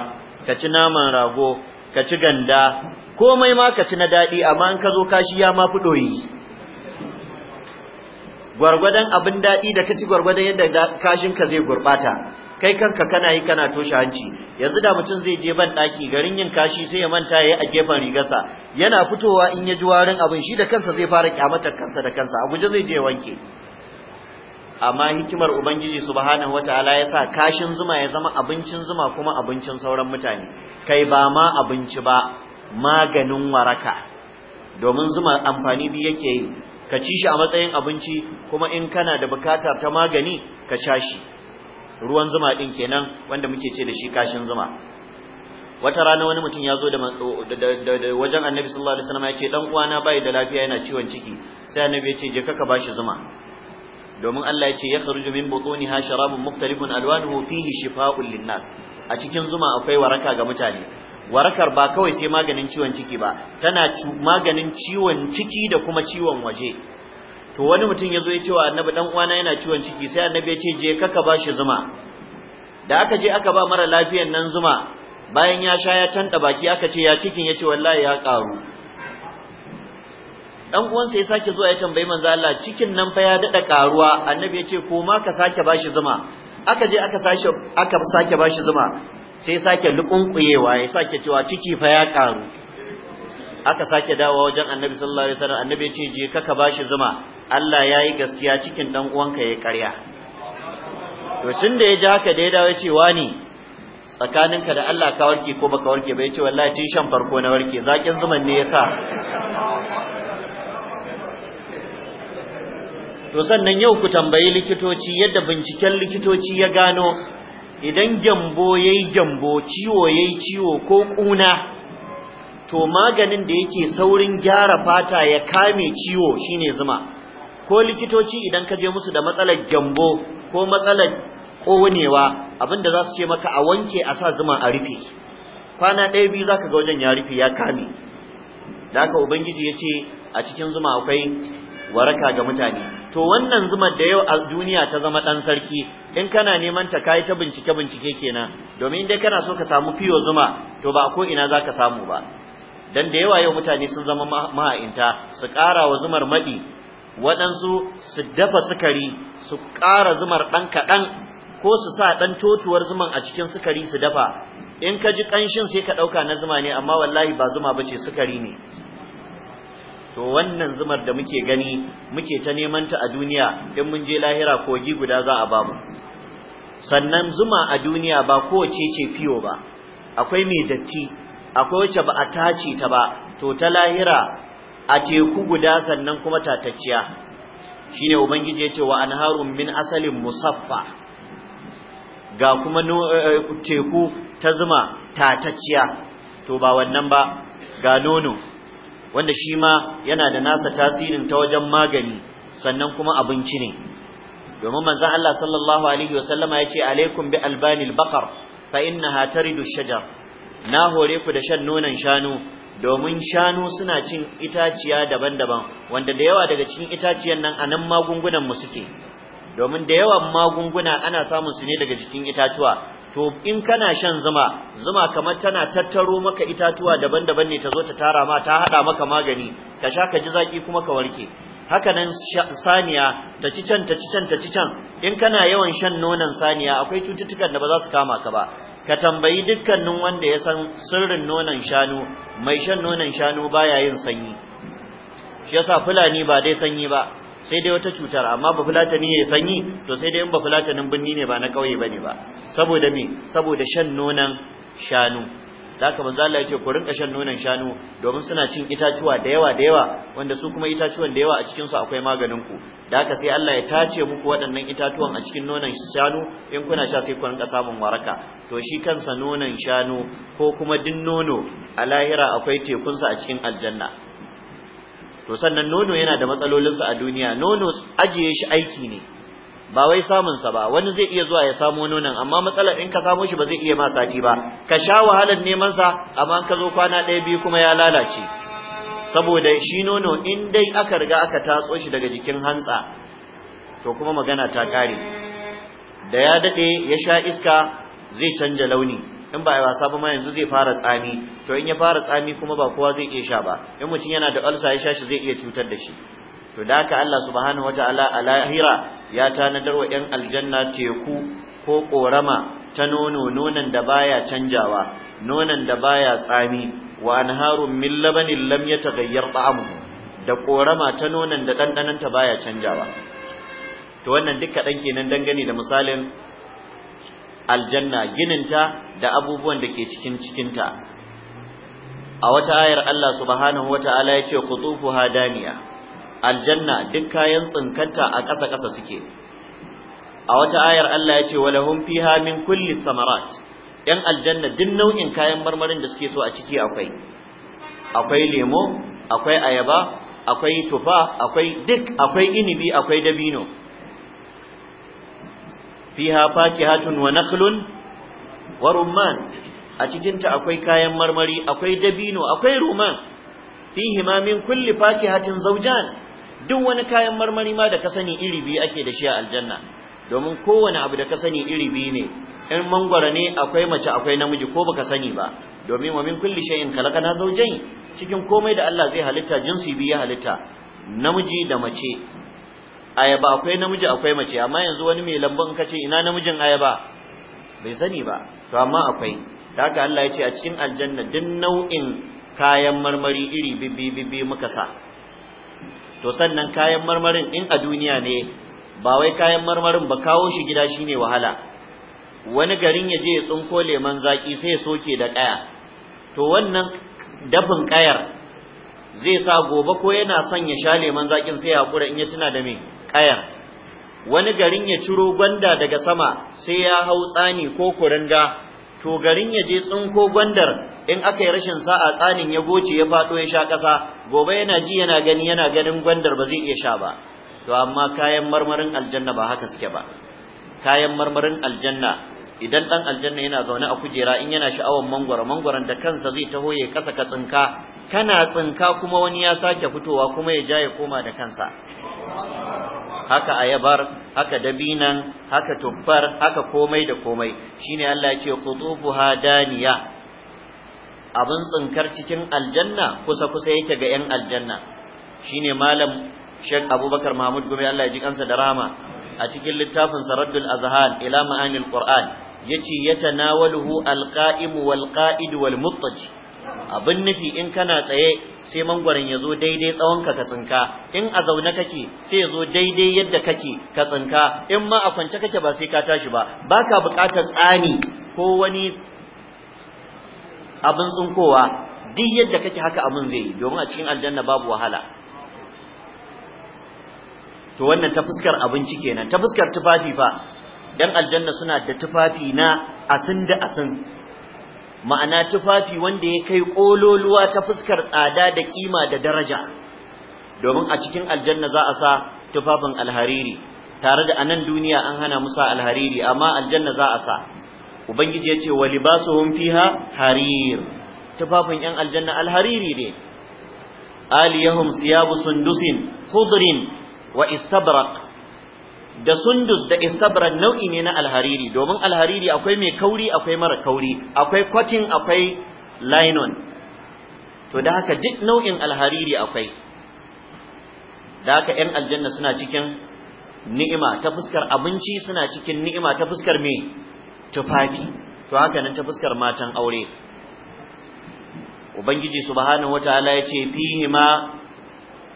ka ci naman rago ka ci ganda komai ma ka ci na daɗi amma in ka zo kashi ya ma fudoyi gwargwadon abin daɗi da ka ci gwargwadon yadda kashin ka zai gurɓata, kai kanka kana yi kana toshe hanci yanzu da mutum zai je ban daki garin yin kashi sai ya manta yayi a gefen rigarsa yana fitowa in ya ji warin abin shi da kansa zai fara kyamatar kansa da kansa a guje zai je wanke amma hikimar ubangiji subhanahu wataala ya sa kashin zuma ya zama abincin zuma kuma abincin sauran mutane kai ba ma abinci ba maganin waraka domin zuma amfani bi yake yi ka ci shi a matsayin abinci kuma in kana da bukata ta magani ka sha shi ruwan zuma din kenan wanda muke ce da shi kashin zuma wata rana wani mutum ya zo da wajen annabi sallallahu alaihi wasallam ya ce dan uwana bai da lafiya yana ciwon ciki sai annabi ya ce je ka bashi zuma domin Allah ya ce ya kharuju min butuniha sharabun muktalifun alwanuhu fihi shifaa'un linnas a cikin zuma akwai waraka ga mutane warakar ba kawai sai maganin ciwon ciki ba tana maganin ciwon ciki da kuma ciwon waje to wani mutum ya zo ya ce wa annabi dan uwana yana ciwon ciki sai annabi ya ce je kaka bashi zuma da aka je aka ba mara lafiyan nan zuma bayan ya sha ya canta baki aka ce ya cikin ya ce wallahi ya karu dan uwansa ya sake zuwa ya tambayi manzo Allah cikin nan fa ya dada karuwa annabi ya ce ko ma ka sake bashi zuma aka je aka sake aka sake bashi zuma sai sake lukunkuyewa ya sake cewa ciki fa ya karu aka sake dawo wajen annabi sallallahu alaihi wasallam annabi ya ce je ka ka bashi zuma Allah ya yi gaskiya cikin dan uwanka ya karya to tunda ya ji haka da ya dawo ya ce wani tsakaninka da Allah ka warke ko baka warke ba ya ce wallahi tun shan farko na warke zakin zuman ne yasa to sannan yau ku tambayi likitoci yadda binciken likitoci ya gano idan gyambo ya yi gyambo ciwo ya yi ciwo ko ƙuna to maganin da yake saurin gyara fata ya kame ciwo shine zuma ko likitoci idan ka je musu da matsalar gyambo ko matsalar ƙonewa abinda za su ce maka a wanke a sa zuma a rufe kwana ɗaya biyu za ka ga wajen ya rufe ya kame da haka ubangiji ya ce a cikin zuma akwai waraka ga mutane to wannan zumar da yau a duniya ta zama dan sarki in kana neman ta kai ta bincike bincike kenan domin dai kana so ka samu fiyo zuma to ba ko ina zaka samu ba dan da yawa yau mutane sun zama maha'inta su ƙara wa zumar madi waɗansu su dafa sukari su ƙara zumar ɗan kaɗan ko su sa ɗan totuwar zuman a cikin sukari su dafa in ka ji ƙanshin sai ka ɗauka na zuma ne amma wallahi ba zuma ba ce sukari ne to wannan zumar da muke gani muke ta neman ta a duniya idan mun je lahira kogi guda za a bamu sannan zuma a duniya ba kowace ce fiyo ba akwai mai datti akwai wacce ba a tace ta ba to ta lahira a teku guda sannan kuma tatacciya shine ubangiji ya ce wa anharun min asalin musaffa ga kuma eh, teku ta zuma tatacciya to ba wannan ba ga nono wanda shi ma yana da nasa tasirin ta wajen magani sannan kuma abinci ne domin manzon Allah sallallahu alaihi wasallama yace alaikum bi albanil baqar fa innaha taridu shajar na hore ku da shan nonon shanu domin shanu suna cin itaciya daban-daban wanda da yawa daga cikin itaciyan nan anan magungunan mu suke domin da yawan magunguna ana samun su ne daga jikin itatuwa to in kana shan zuma zuma kamar tana tattaro maka itatuwa daban-daban ne ta zo ta tara ma ta hada maka magani ka sha ka ji zaki kuma ka warke haka nan saniya ta ci can ta ci can ta ci can in kana yawan shan nonon saniya akwai cututtukan da ba za su kama ka ba ka tambayi dukkanin wanda ya san sirrin nonon shanu mai shan nonon shanu baya yin sanyi shi yasa fulani ba dai sanyi ba sai dai wata cutar amma ba fulatani ya sanyi to sai dai in ba fulatanin binni ne ba na kauye bane ba saboda me saboda shan nonan shanu da haka manzo Allah yace ku rinka shan nonon shanu domin suna cin itatuwa da yawa da yawa wanda su kuma itatuwan da yawa a cikin su akwai maganin ku da haka sai Allah ya tace muku waɗannan itatuwan a cikin nonon shanu in kuna sha sai ku rinka samun waraka to shi kansa nonon shanu ko kuma din nono a lahira akwai tekunsa a cikin aljanna to sannan nono yana da matsalolinsa a duniya nono ajiye shi aiki ne ba wai samunsa ba wani zai iya zuwa ya samo nonon amma matsalar in ka samo shi ba zai iya ma sati ba ka sha wahalar neman sa amma ka zo kwana ɗaya biyu kuma ya lalace saboda shi nono in dai aka riga aka tatso shi daga jikin hantsa to kuma magana ta kare da ya daɗe ya sha iska zai canja launi in ba a wasa ba ma yanzu zai fara tsami to in ya fara tsami kuma ba kowa zai iya sha ba in mutum yana da ulsa ya sha shi zai iya cutar da shi to da haka Allah subhanahu wataala a lahira ya tanadar wa ƴan aljanna teku ko ƙorama ta nono nonon da baya canjawa nonon da baya tsami wa anharun min labanin lam yataghayyar ta'amuhu da ƙorama ta nonan da ɗanɗanonta baya canjawa to wannan duka dan kenan dangane da misalin aljanna ginin ta, da abubuwan da ke cikin cikinta a wata ayar Allah subhanahu wata'ala yace ce hadaniya aljanna duk kayan tsinkanta a ƙasa ƙasa suke a wata ayar Allah yace ce walahum fiha min kulli samarat yan aljanna duk nau'in kayan marmarin da suke so a ciki akwai akwai lemo akwai ayaba akwai tufa akwai duk akwai inibi akwai dabino fiha fakihatun wa nakhlun wa rumman a cikinta akwai kayan marmari akwai dabino akwai rumman fihi ma min kulli fakihatin zawjan duk wani kayan marmari ma da ka sani iri biyu ake da shi a aljanna domin kowane abu da ka sani iri biyu ne in mangwara ne akwai mace akwai namiji ko baka sani ba domin wa min kulli shay'in khalaqana zawjayn cikin komai da Allah zai halitta jinsi biyu ya halitta namiji da mace ayaba akwai namiji akwai mace amma yanzu wani mai lambun kace, ina namijin ayaba bai sani ba to amma akwai daga Allah ya ce a cikin aljanna duk nau'in kayan marmari iri bibi bibi muka sa to sannan kayan marmarin in a duniya ne ba wai kayan marmarin ba kawo shi gida shine wahala wani garin ya je ya tsinko leman zaki sai ya soke da kaya to wannan dafin kayar zai sa gobe ko yana son ya sha leman zakin sai ya hakura in ya tuna da me Kayan, wani garin ya ciro gwanda daga sama sai ya hau tsani ko kuringa to garin ya je tsinko gwandar in aka yi rashin sa'a tsanin ya goce ya faɗo ya sha ƙasa gobe yana ji yana gani yana ganin gwandar ba zai iya sha ba to amma kayan marmarin aljanna ba haka suke ba kayan marmarin aljanna idan dan aljanna yana zaune a kujera in yana sha'awan mangwara mangwaran da kansa zai taho ya kasa ka tsinka kana tsinka kuma wani ya sake fitowa kuma ya ja ya koma da kansa haka ayabar haka dabinan haka tuffar haka komai da komai shine Allah ya ce qutubuha daniya Abun tsinkar cikin aljanna kusa kusa yake ga yan aljanna shine malam Sheikh Abubakar Mahmud Gumi Allah ya ji kansa da rama a cikin littafin Saraddul Azhan ila ma'anil Qur'an yace yatanawaluhu alqa'imu wal walmuttaji wal abin nufi in kana tsaye sai mangwaron ya zo daidai tsawonka ka tsinka in a zaune kake sai ya zo daidai yadda kake ka tsinka in ma a kwance kake ba sai ka tashi ba baka buƙatar tsani ko wani abin tsinkowa duk yadda kake haka abin zai yi domin a cikin aljanna babu wahala to wannan ta fuskar abinci kenan ta fuskar tufafi fa dan aljanna suna da tufafi na asin da asin ma'ana tufafi wanda ya kai ƙololuwa ta fuskar tsada da ƙima da daraja domin a cikin aljanna za a sa tufafin alhariri tare da anan duniya an hana musa alhariri amma aljanna za a sa ubangiji ya ce wa libasuhum fiha harir tufafin yan aljanna alhariri ne aliyahum siyabu sundusin khudrin wa istabraq da sundus da istabran nau'i ne na alhariri domin alhariri akwai mai kauri akwai mara kauri akwai kwatin akwai linon to da haka duk nau'in alhariri akwai da haka 'yan aljanna suna cikin ni'ima ta fuskar abinci suna cikin ni'ima ta fuskar me tufafi to haka nan ta fuskar matan aure ubangiji subhanahu ya ce fihi ma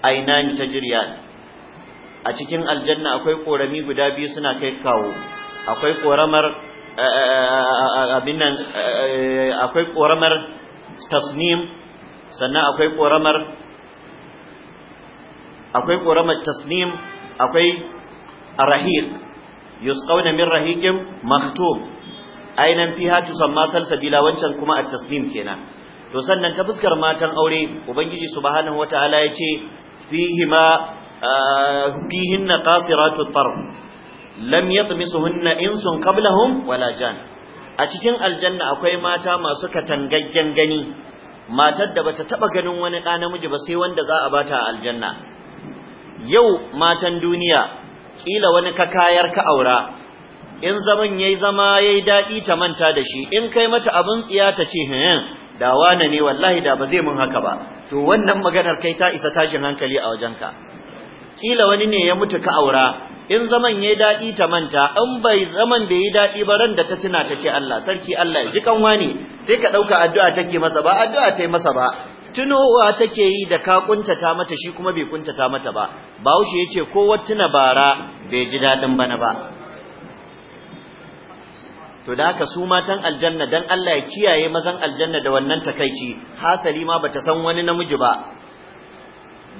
ainani tajriyan a cikin aljanna akwai korami guda biyu suna kai kawo akwai koramar eh, eh, eh, abin nan akwai koramar tasnim sannan akwai koramar akwai koramar tasnim akwai rahiq yusqawna min rahiqin maktum ainan fiha tusamma salsabila wancan kuma at-tasnim kenan to sannan ta fuskar matan aure ubangiji subhanahu wataala yace fihi ma فيهن na الطرف لم يطمسهن انس قبلهم ولا wala jan a cikin aljanna akwai mata masu katangaggen gani matar da bata taba ganin wani ɗa namiji ba sai wanda za a bata a aljanna yau matan duniya kila wani ka kayar ka aura in zaman yayi zama yayi dadi ta manta da shi in kai mata abin tsiya ta ce he. da wane ne wallahi da ba zai mun haka ba to wannan maganar kai ta isa tashin hankali a wajenka kila wani ne ya mutu ka aura in zaman yayi daɗi ta manta in bai zaman bai yi daɗi ba ran da ta tuna ta ce Allah sarki Allah ya ji kanwa ne sai ka ɗauka addu'a take masa ba addu'a tai masa ba tunowa take yi da ka kuntata mata shi kuma bai kuntata mata ba bawushe yace kowa tuna bara bai ji dadin bana ba to da haka su matan aljanna dan Allah ya kiyaye mazan aljanna da wannan takaici hasali ma bata san wani namiji ba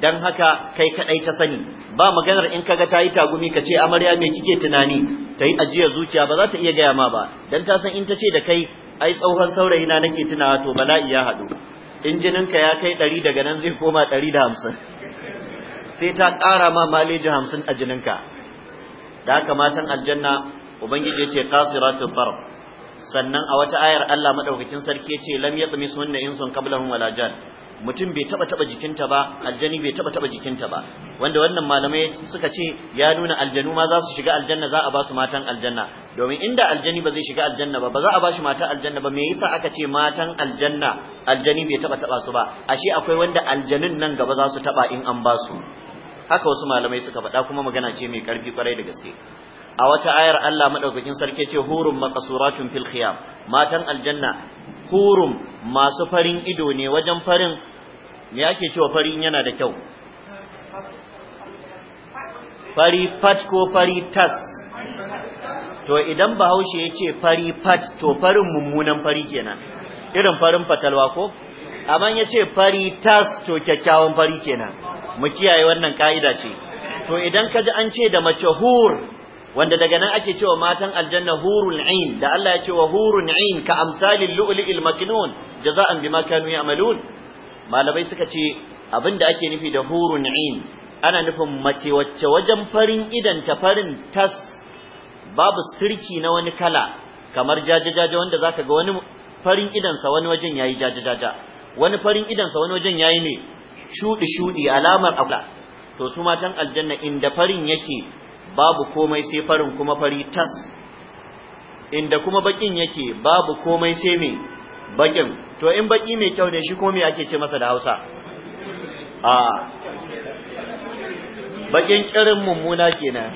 dan haka kai kadai ta sani ba maganar in kaga tayi tagumi ka ce amarya me kike tunani tayi yi ajiyar zuciya ba za ta iya gaya ma ba dan ta san in ta ce da kai ai tsohon saurayi na nake tunawa to bala'i ya haɗu in ka ya kai ɗari daga nan zai koma ɗari sai ta ƙara ma maleji hamsin a jininka da haka matan aljanna ubangiji ya ce qasiratul farq sannan a wata ayar Allah madaukakin sarki ya ce lam yatmisunna insun qablahum wala jan mutum bai taba taba jikinta ba aljani bai taba taba jikinta ba wanda wannan malamai suka ce ya nuna aljanu ma za su shiga aljanna za a ba su matan aljanna domin inda aljani ba zai shiga aljanna ba ba za a ba shi mata aljanna ba me yasa aka ce matan aljanna aljani bai taba taba su ba ashe akwai wanda aljanun nan gaba za su taba in an ba su haka wasu malamai suka faɗa kuma magana ce mai karfi kwarai da gaske a wata ayar Allah madaukakin sarki ce hurum maqsuratun fil khiyam matan aljanna hurum masu farin ido ne wajen farin me yake cewa farin yana da kyau fari fat ko fari tas to idan bahaushe yace ce fari fat to farin mummunan fari kenan irin farin fatalwa ko amma ya fari tas to kyakkyawan fari kenan mu kiyaye wannan ka'ida ce to idan kaji ji an ce da mace hur wanda daga nan ake cewa matan aljanna hurul ain da Allah ya ce wa hurun ain ka amsalil lu'li'il maknun jaza'an bima kanu ya'malun malamai suka ce abinda ake nufi da hurun ain ana nufin mace wacce wajen farin idan ta farin tas babu sirki na wani kala kamar jajajaja wanda zaka ga wani farin idan sa wani wajen yayi jajajaja wani farin idan sa wani wajen yayi ne shudi shudi alamar abu to su matan aljanna inda farin yake babu komai sai farin kuma fari tas inda kuma bakin yake babu komai sai me bakin to in baki mai kyau ne shi kuma me ake ce masa da Hausa a bakin kirin mummuna kenan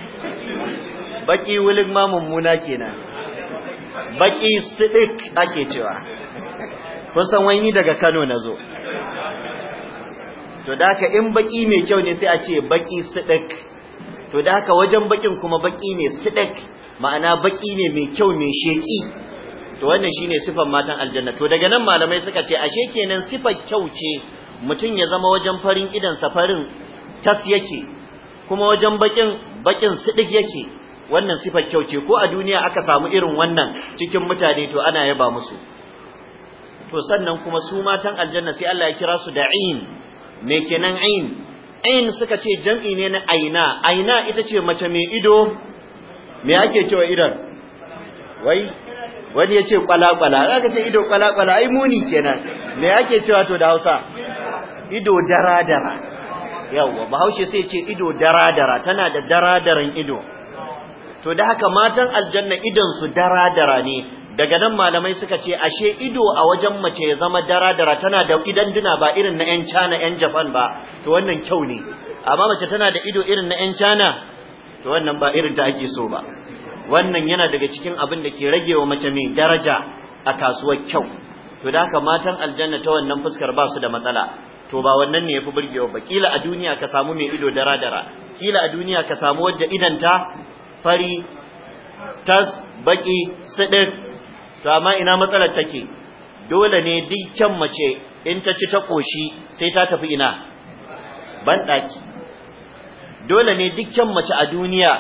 baki wulin ma mummuna kenan baki sidik ake cewa kun san wani daga Kano nazo to da haka in baki mai kyau ne sai a ce baki sidik to da haka wajen bakin kuma baki ne sidak ma'ana baki ne mai kyau mai sheki to wannan shine sifan matan aljanna to daga nan malamai suka ce ashe kenan sifar kyau ce mutum ya zama wajen farin idan safarin tas yake kuma wajen bakin bakin sidik yake wannan sifar kyau ce ko a duniya aka samu irin wannan cikin mutane to ana yaba musu to sannan kuma su matan aljanna sai Allah ya kira su da'in me kenan ain ain suka ce jam'i ne na aina aina ita ce mace mai ido me ake cewa idan wai wani ya ce kwala-kwala aka ce ido kwala-kwala ai muni kenan me ake cewa to da hausa ido dara-dara yawwa bahaushe sai ce ido dara-dara tana da dara-daran ido to da haka matan aljanna idonsu dara-dara ne daga nan malamai suka ce ashe ido a wajen mace ya zama dara-dara tana da idan duna ba irin na 'yan cana 'yan japan ba to wannan kyau ne amma mace tana da ido irin na 'yan cana to wannan ba irin ta ake so ba wannan yana daga cikin abin da ke rage wa mace mai daraja a kasuwar kyau to da haka matan aljanna ta wannan fuskar ba su da matsala to ba wannan ne yafi burgewa ba kila a duniya ka samu mai ido dara-dara kila a duniya ka samu wadda idanta fari tas baki sidik to amma ina matsalar take dole ne dukkan mace in ta ci ta koshi sai ta tafi ina banɗaki dole ne dukkan mace a duniya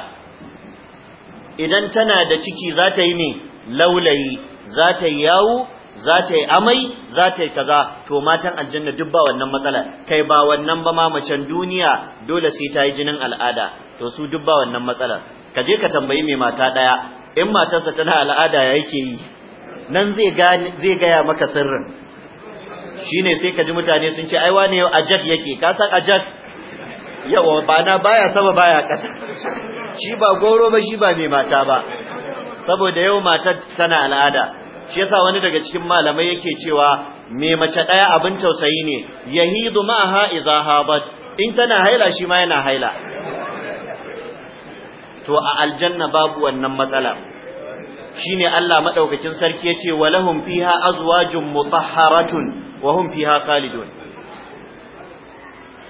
idan tana da ciki za ta yi ne laulayi za ta yi yawo za ta yi amai za ta yi kaza to matan aljanna duk ba wannan matsalar. kai ba wannan ba ma macen duniya dole sai ta yi jinin al'ada to su duk ba wannan matsalar. ka je ka tambayi mai mata ɗaya in matarsa tana al'ada yake yi nan zai gaya maka sirrin shine sai ka ji mutane sun ce ai a ajak yake ka san ajak yawa bana baya sama baya kasa shi ba goro ba shi ba mai mata ba saboda yau mata tana al'ada shi yasa wani daga cikin malamai yake cewa mai mace daya abin tausayi ne yahidu ma'aha idza habat in tana haila shi ma yana haila to a aljanna babu wannan matsala Shi ne Allah maɗaukacin sarki yace fi ha azuwajin mutaharatun, wa fi ha Kalidun.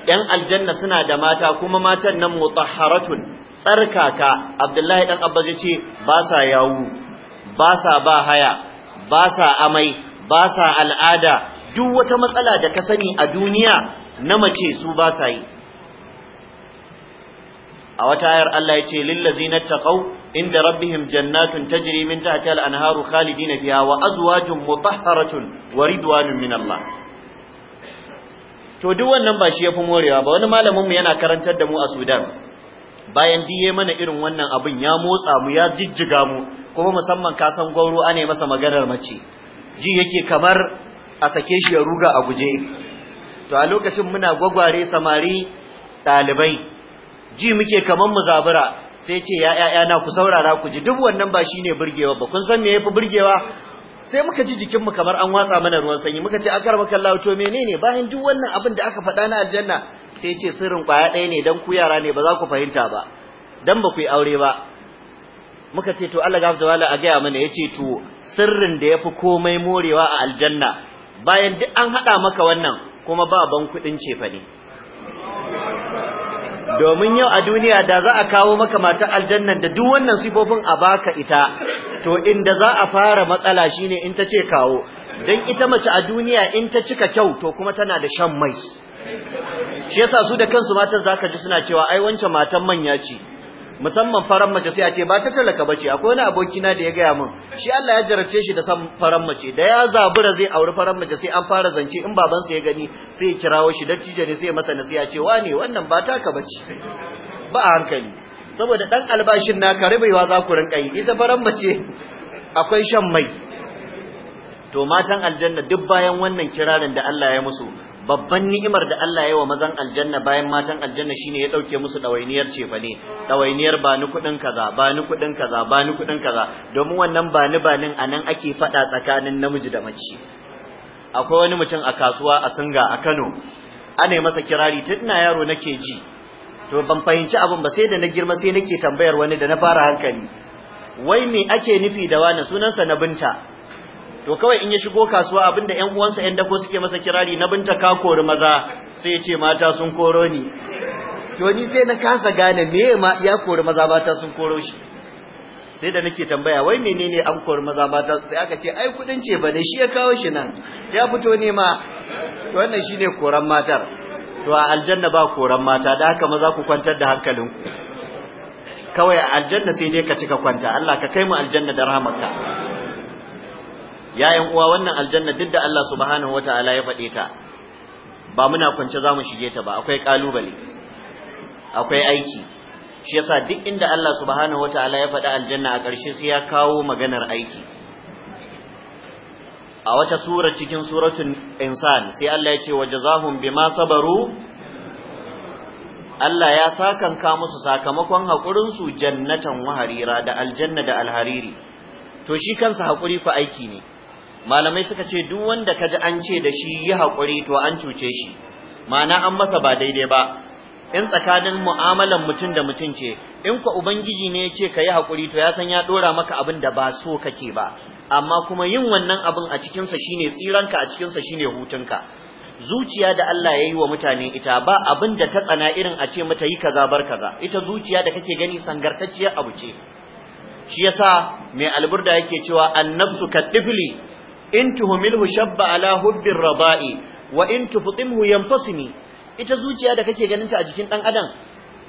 yan aljanna suna da mata kuma matan nan mutahharatun tsarkaka Abdullahi ɗan Abba ce ba sa yawu ba sa ba haya ba sa amai ba sa al'ada duk wata matsala da ka sani a duniya na mace su ba sa yi a wata ayar Allah ya ce lillazina taqaw inda rabbihim jannatun tajri min tahtiha al-anharu khalidina fiha wa azwajun mutahharatun wa ridwanun min Allah to duk wannan ba shi ya fi morewa ba wani malamin mu yana karantar da mu a Sudan bayan diye mana irin wannan abin ya motsa mu ya jijjiga mu kuma musamman ka san gwauro ane masa maganar mace ji yake kamar a sake shi ya ruga a guje to a lokacin muna gwagware samari ɗalibai ji muke kaman mu zabura sai ce ya ya na ku saurara ku ji duk wannan ba shine burgewa ba kun san me yafi burgewa sai muka ji jikin mu kamar an watsa mana ruwan sanyi muka ce akar maka Allah to menene bayan duk wannan abin da aka faɗa na aljanna sai ce sirrin kwaya ɗaya ne dan ku yara ne ba za ku fahimta ba dan ba ku yi aure ba muka ce to Allah gafza wala a gaya mana yace to sirrin da yafi komai morewa a aljanna bayan duk an haɗa maka wannan kuma ba ban kudin cefa ne domin yau a duniya da za a kawo maka mata aljannan da duk wannan sifofin a baka ita to inda za a fara matsala shine in ta ce kawo dan ita mace a duniya in ta cika kyau to kuma tana da shan mai shi yasa su da kansu matan zaka ji suna cewa ai wancan matan manya ce musamman faran mace sai a ce ba ta talaka bace akwai wani abokina da ya gaya min shi Allah ya jarabce shi da san faran mace da ya zabura zai auri faran mace sai an fara zance in sa ya gani sai ya kirawo shi dattijo ne sai ya masa nasiha ce wane wannan ba taka bace ba a hankali saboda dan albashin na rubewa za ku rinka yi ita faran mace akwai shan mai to matan aljanna duk bayan wannan kirarin da Allah ya musu babban ni'imar da Allah ya wa mazan aljanna bayan matan aljanna shine ya dauke musu dawainiyar cefane dawainiyar ba ni kudin kaza ba ni kudin kaza ba ni kudin kaza domin wannan ba ni ba nin anan ake fada tsakanin namiji da mace akwai wani mutum a kasuwa a Singa a Kano ana masa kirari tun na yaro nake ji to ban fahimci abin ba sai da na girma sai nake tambayar wani da na fara hankali wai me ake nufi da wani sunansa na binta to kawai in ya shigo kasuwa abinda ƴan uwansa ƴan dako suke masa kirari na binta ka kori maza sai ya ce mata sun koro ni to ni sai na kasa gane me ma ya kori maza mata sun koro shi sai da nake tambaya wai menene an kori maza mata sai aka ce ai kudin ce ba ne, shi ya kawo shi nan ya fito ne ma wannan shine koran matar to a aljanna ba koran mata da haka maza ku kwantar da hankalinku kawai a aljanna sai dai ka cika kwanta Allah ka kai mu aljanna da rahmatka yayan uwa wannan aljanna duk da Allah subhanahu wataala ya faɗe ta ba muna kwance za mu shige ta ba akwai kalubale akwai aiki shi yasa duk inda Allah subhanahu wataala ya faɗa aljanna a ƙarshe sai ya kawo maganar aiki a wata sura cikin suratul insan sai Allah ya ce wajazahum bima sabaru Allah ya sakan ka musu sakamakon haƙurin su jannatan waharira da aljanna da alhariri to shi kansa haƙuri fa aiki ne malamai suka ce duk wanda kaji an ce da shi yi hakuri to an cuce shi ma'ana an masa ba daidai ba in tsakanin mu'amalan mutum da mutum ce in ku ubangiji ne ya ce ka yi haƙuri to ya san ya ɗora maka abin da ba so kake ba amma kuma yin wannan abin a cikinsa shine tsiranka a cikinsa shine hutunka zuciya da Allah ya yi wa mutane ita ba abin da ta tsana irin a ce mata yi kaza bar kaza ita zuciya da kake gani sangartacciyar abu ce shi yasa mai alburda yake cewa annafsu kadifli in tuhumilhu shabba ala hubbir raba'i wa in tufutimhu yanfasimi ita zuciya da kake ganin ta a jikin dan adam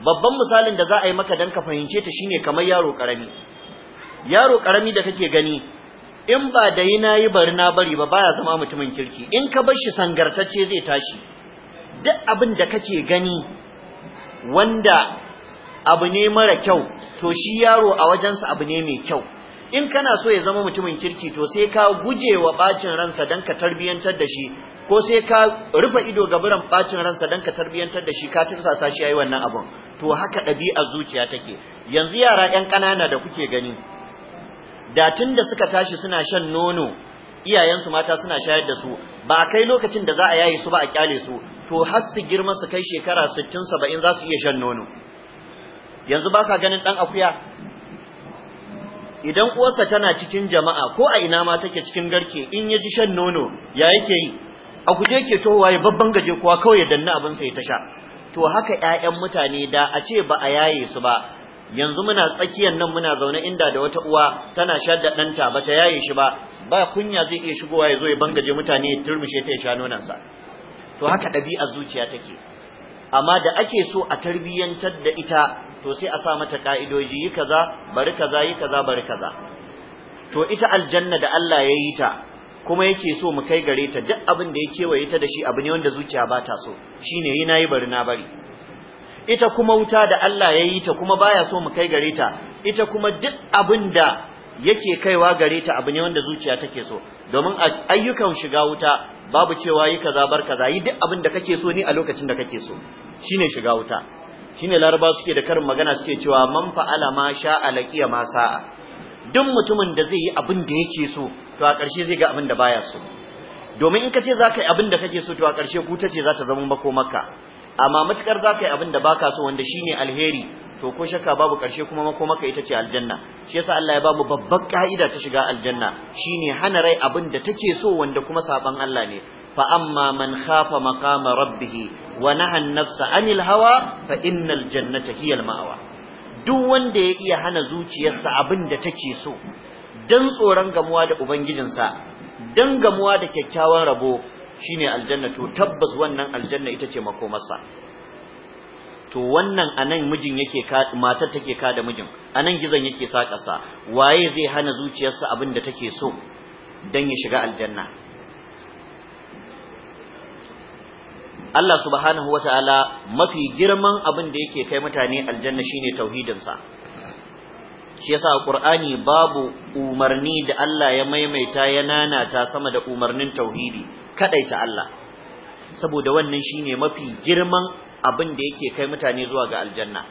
babban misalin da za a yi maka dan ka fahimce ta shine kamar yaro karami yaro karami da kake gani in ba da yi nayi bari na bari ba baya zama mutumin kirki in ka bar shi sangartacce zai tashi duk abin da kake gani wanda abu ne mara kyau to shi yaro a wajensa abu ne mai kyau in kana so ya zama mutumin kirki to sai ka guje wa bacin ransa dan ka tarbiyantar da shi ko sai ka rufe ido ga biran bacin ransa dan ka tarbiyantar da shi ka tirsasa shi yayi wannan abun to haka ɗabi'ar zuciya take yanzu yara ƴan ƙanana da kuke gani da tun da suka tashi suna shan nono iyayensu mata suna shayar da su ba a kai lokacin da za a yayi su ba a kyale su to har su girma su kai shekara 60 70 za su iya shan nono yanzu ba ka ganin dan akuya idan uwarsa tana cikin jama'a ko a ina ma take cikin garke in ya ji shan nono ya yake yi a guje yake towa ya babban gaje kuwa kawai ya danna abin sai ta sha to haka ƴaƴan mutane da a ce ba a yaye su ba yanzu muna tsakiyar nan muna zaune inda da wata uwa tana shar da ɗanta ba ta yaye shi ba ba kunya zai iya shigowa ya zo ya bangaje mutane ya turmushe ta ya sha nonansa to haka ɗabi'ar zuciya take amma da ake so a tarbiyyantar da ita to sai a sa mata ka'idoji yi kaza bari kaza yi kaza bari kaza to ita aljanna da Allah ya yi ta kuma yake so mu kai gare ta duk abin da ya kewaye ta da shi abu ne wanda zuciya ba ta so shine yi nayi bari na bari ita kuma wuta da Allah ya yi ta kuma baya so mu kai gare ta ita kuma duk abin da yake kaiwa gare ta abu ne wanda zuciya take so domin ayyukan shiga wuta babu cewa yi kaza bar kaza yi duk abin da kake so ni a lokacin da kake so shine shiga wuta shine laraba suke da karin magana suke cewa man fa'ala ma sha'a laqiya ma sa'a duk mutumin da zai yi abin da yake so to a ƙarshe zai ga abin da baya so domin in ka ce za yi abin da kake so to a ƙarshe ku ta za ta zama mako maka amma matukar za ka yi abin da baka so wanda shine alheri to ko shakka babu ƙarshe kuma mako maka ita ce aljanna shi yasa Allah ya babu babbar ka'ida ta shiga aljanna shine hana rai abin da take so wanda kuma saban Allah ne fa amma man khafa maqama rabbih wa naha an-nafsa 'anil hawa fa innal jannata hiya al-ma'wa duk wanda ya iya hana zuciyarsa abin da take so dan tsoron gamuwa da ubangijinsa dan gamuwa da kyakkyawan rabo shine aljanna to tabbas wannan aljanna ita ce makomarsa to wannan anan mijin yake ka matar take ka da mijin anan gizon yake sa ƙasa? waye zai hana zuciyarsa abin da take so dan ya shiga aljanna Allah subhanahu wa ta'ala mafi girman abin da yake kai mutane aljanna shine tauhidinsa shi yasa qur'ani babu umarni da Allah ya maimaita ya nanata sama da umarnin tauhidi ta Allah saboda wannan shine mafi girman abin da yake kai mutane zuwa ga aljanna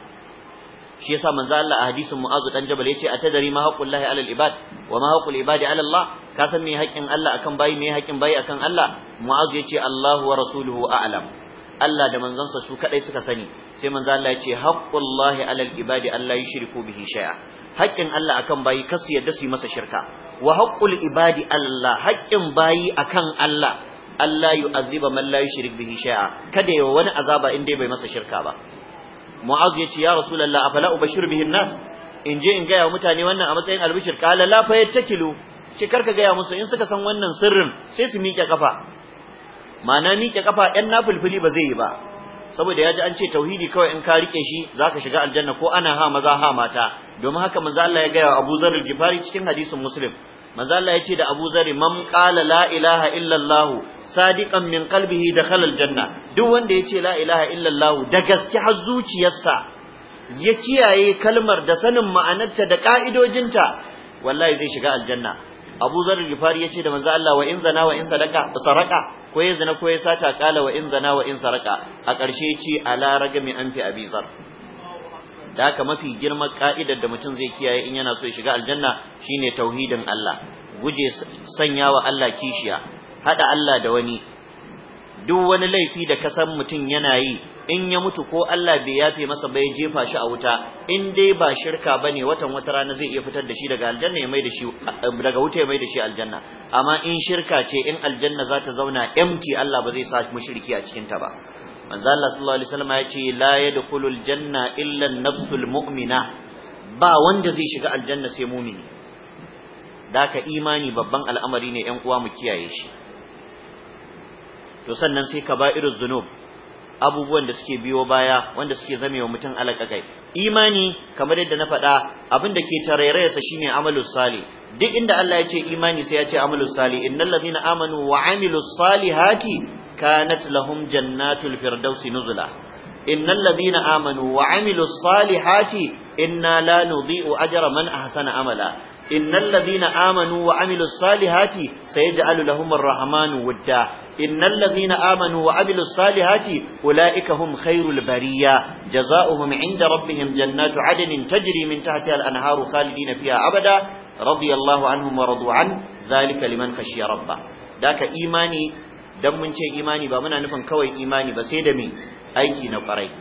shi yasa manzo Allah a hadisin Mu'adh dan Jabal yace atadari ma haqqullahi alal ibad wa ma haqqul ibadi ala ka san me haƙƙin Allah akan bayi me haƙƙin bayi akan Allah Mu'az ce Allahu wa rasuluhu a'lam Allah da manzansa su kadai suka sani sai manzo Allah yace haqqullahi alal ibadi Allah yushriku bihi shay'a haƙƙin Allah akan bayi kasu yadda su yi masa shirka wa haqqul ibadi Allah haƙƙin bayi akan Allah Allah yu'azziba man la yushrik bihi shay'a kada yawa wani azaba in dai bai masa shirka ba Mu'az ce ya rasulullah afala ubashir bihi nas in je in ga mutane wannan a matsayin albishir qala la fayattakilu ce ka gaya musu in suka san wannan sirrin sai su miƙe kafa ma'ana miƙe kafa ɗan nafulfuli ba zai yi ba saboda ya ji an ce tauhidi kawai in ka rike shi zaka shiga aljanna ko ana ha maza ha mata domin haka manzo Allah ya gaya wa Abu Dharr al cikin hadisin Muslim manzo Allah ya ce da Abu Dharr man qala la ilaha illa Allah sadiqan min qalbihi dakhala aljanna janna duk wanda ya ce la ilaha illa Allah da gaske har zuciyarsa ya kiyaye kalmar da sanin ma'anarta da ka'idojinta wallahi zai shiga aljanna Abu Zar ya yace da manzo Allah wa in zana wa in sadaka saraka ko ya zina ko ya sata kala wa in zana wa in saraka a ƙarshe ce ala ragami anfi Abi Zar da haka mafi girma ka'idar da mutum zai kiyaye in yana so ya shiga aljanna shine tauhidin Allah guje sanya wa Allah kishiya hada Allah da wani duk wani laifi da kasan mutum yana yi in ya mutu ko Allah bai yafe masa bai jefa shi a wuta in dai ba shirka bane watan wata rana zai iya fitar da shi daga aljanna ya mai da shi daga wuta ya mai da shi aljanna amma in shirka ce in aljanna za ta zauna empty Allah ba zai sa mushriki a cikin ta ba manzo Allah sallallahu alaihi wasallam ya ce la yadkhulu aljanna illa an-nafsul mu'mina ba wanda zai shiga aljanna sai mumini daka imani babban al'amari ne ƴan uwa mu kiyaye shi to sannan sai kaba'irul zunub abubuwan da suke biyo baya wanda suke zamewa mutum alaƙaƙai, imani kamar yadda na faɗa abin da ke tarairayarsa shine amalus Sali. duk inda Allah ya ce imani sai ya ce amalus Sali, innal ladhina amanu wa amilus salihati kanat lahum jannatul firdausi nuzula innal ladhina amanu wa amilus salihati inna la nudhi'u ajra man ahsana amala innal ladhina amanu wa amilus salihati sayaj'alu lahum arrahmanu wudda innal ladhina amanu wa amilus salihati ulaika hum khairul bariya jazaohum 'inda rabbihim jannatu 'adnin tajri min tahtiha al-anharu khalidina fiha abada radiyallahu anhum wa radu an dhalika liman khashiya rabbah daka imani dan mun ce imani ba muna nufin kawai imani ba sai da me aiki na kwarai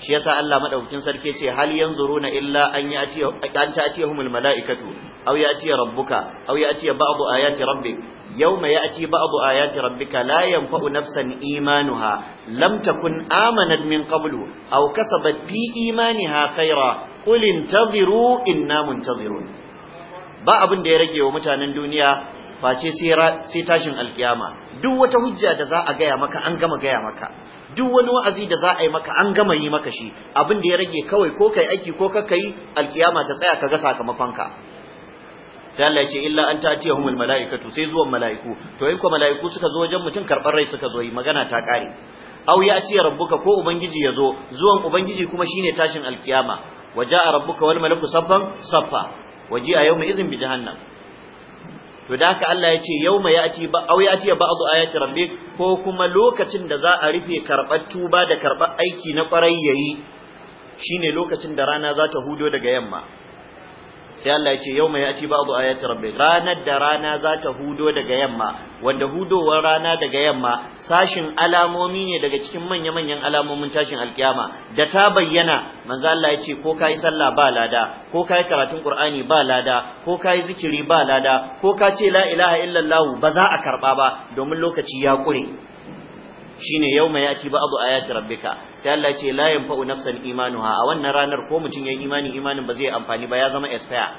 shi yasa Allah madaukakin sarki ce hal yanzuruna illa an yati an tatihumul malaikatu aw yati rabbuka aw yati ba'du ayati rabbik yawma yati ba'du ayati rabbika la yanfa'u nafsan imanuha lam takun amanat min qablu aw kasabat fi imaniha khaira qul intaziru inna muntazirun ba abin da ya rage wa mutanen duniya face sai tashin alkiyama duk wata hujja da za a gaya maka an gama gaya maka duk wani wa'azi da za a yi maka an gama yi maka shi abin da ya rage kawai ko kai aiki ko kakka yi alkiyama ta tsaya ka ga sakamakonka sai Allah ya ce illa an tatiyahumul malaikatu sai zuwan malaiku to in ko malaiku suka zo wajen mutum karɓar rai suka zo yi magana ta kare aw ya ce rabbuka ko ubangiji ya zo zuwan ubangiji kuma shine tashin alkiyama waja'a rabbuka wal malaku saffan saffa waji'a yawma idhin bi jahannam to da haka Allah ya ce yauma ya'ti ba au ya'ti azu ayati rabbik ko kuma lokacin da za a rufe karbar tuba da karbar aiki na kwarai yayi shine lokacin da rana za ta hudo daga yamma sai Allah ya ce yau mai yati ba'du ayati rabbi ranar da rana za ta hudo daga yamma wanda hudowar rana daga yamma sashin alamomi ne daga cikin manya-manyan alamomin tashin alkiyama da ta bayyana manzo Allah ya ce ko kai sallah ba lada ko kai karatun qur'ani ba lada ko kai zikiri ba lada ko ka ce la ilaha illallah ba za a karba ba domin lokaci ya kure shine yauma yati ba'du ayati rabbika sai Allah ce la yanfa'u nafsan imanuha a wannan ranar ko mutum yayin imani imanin ba zai amfani ba ya zama expire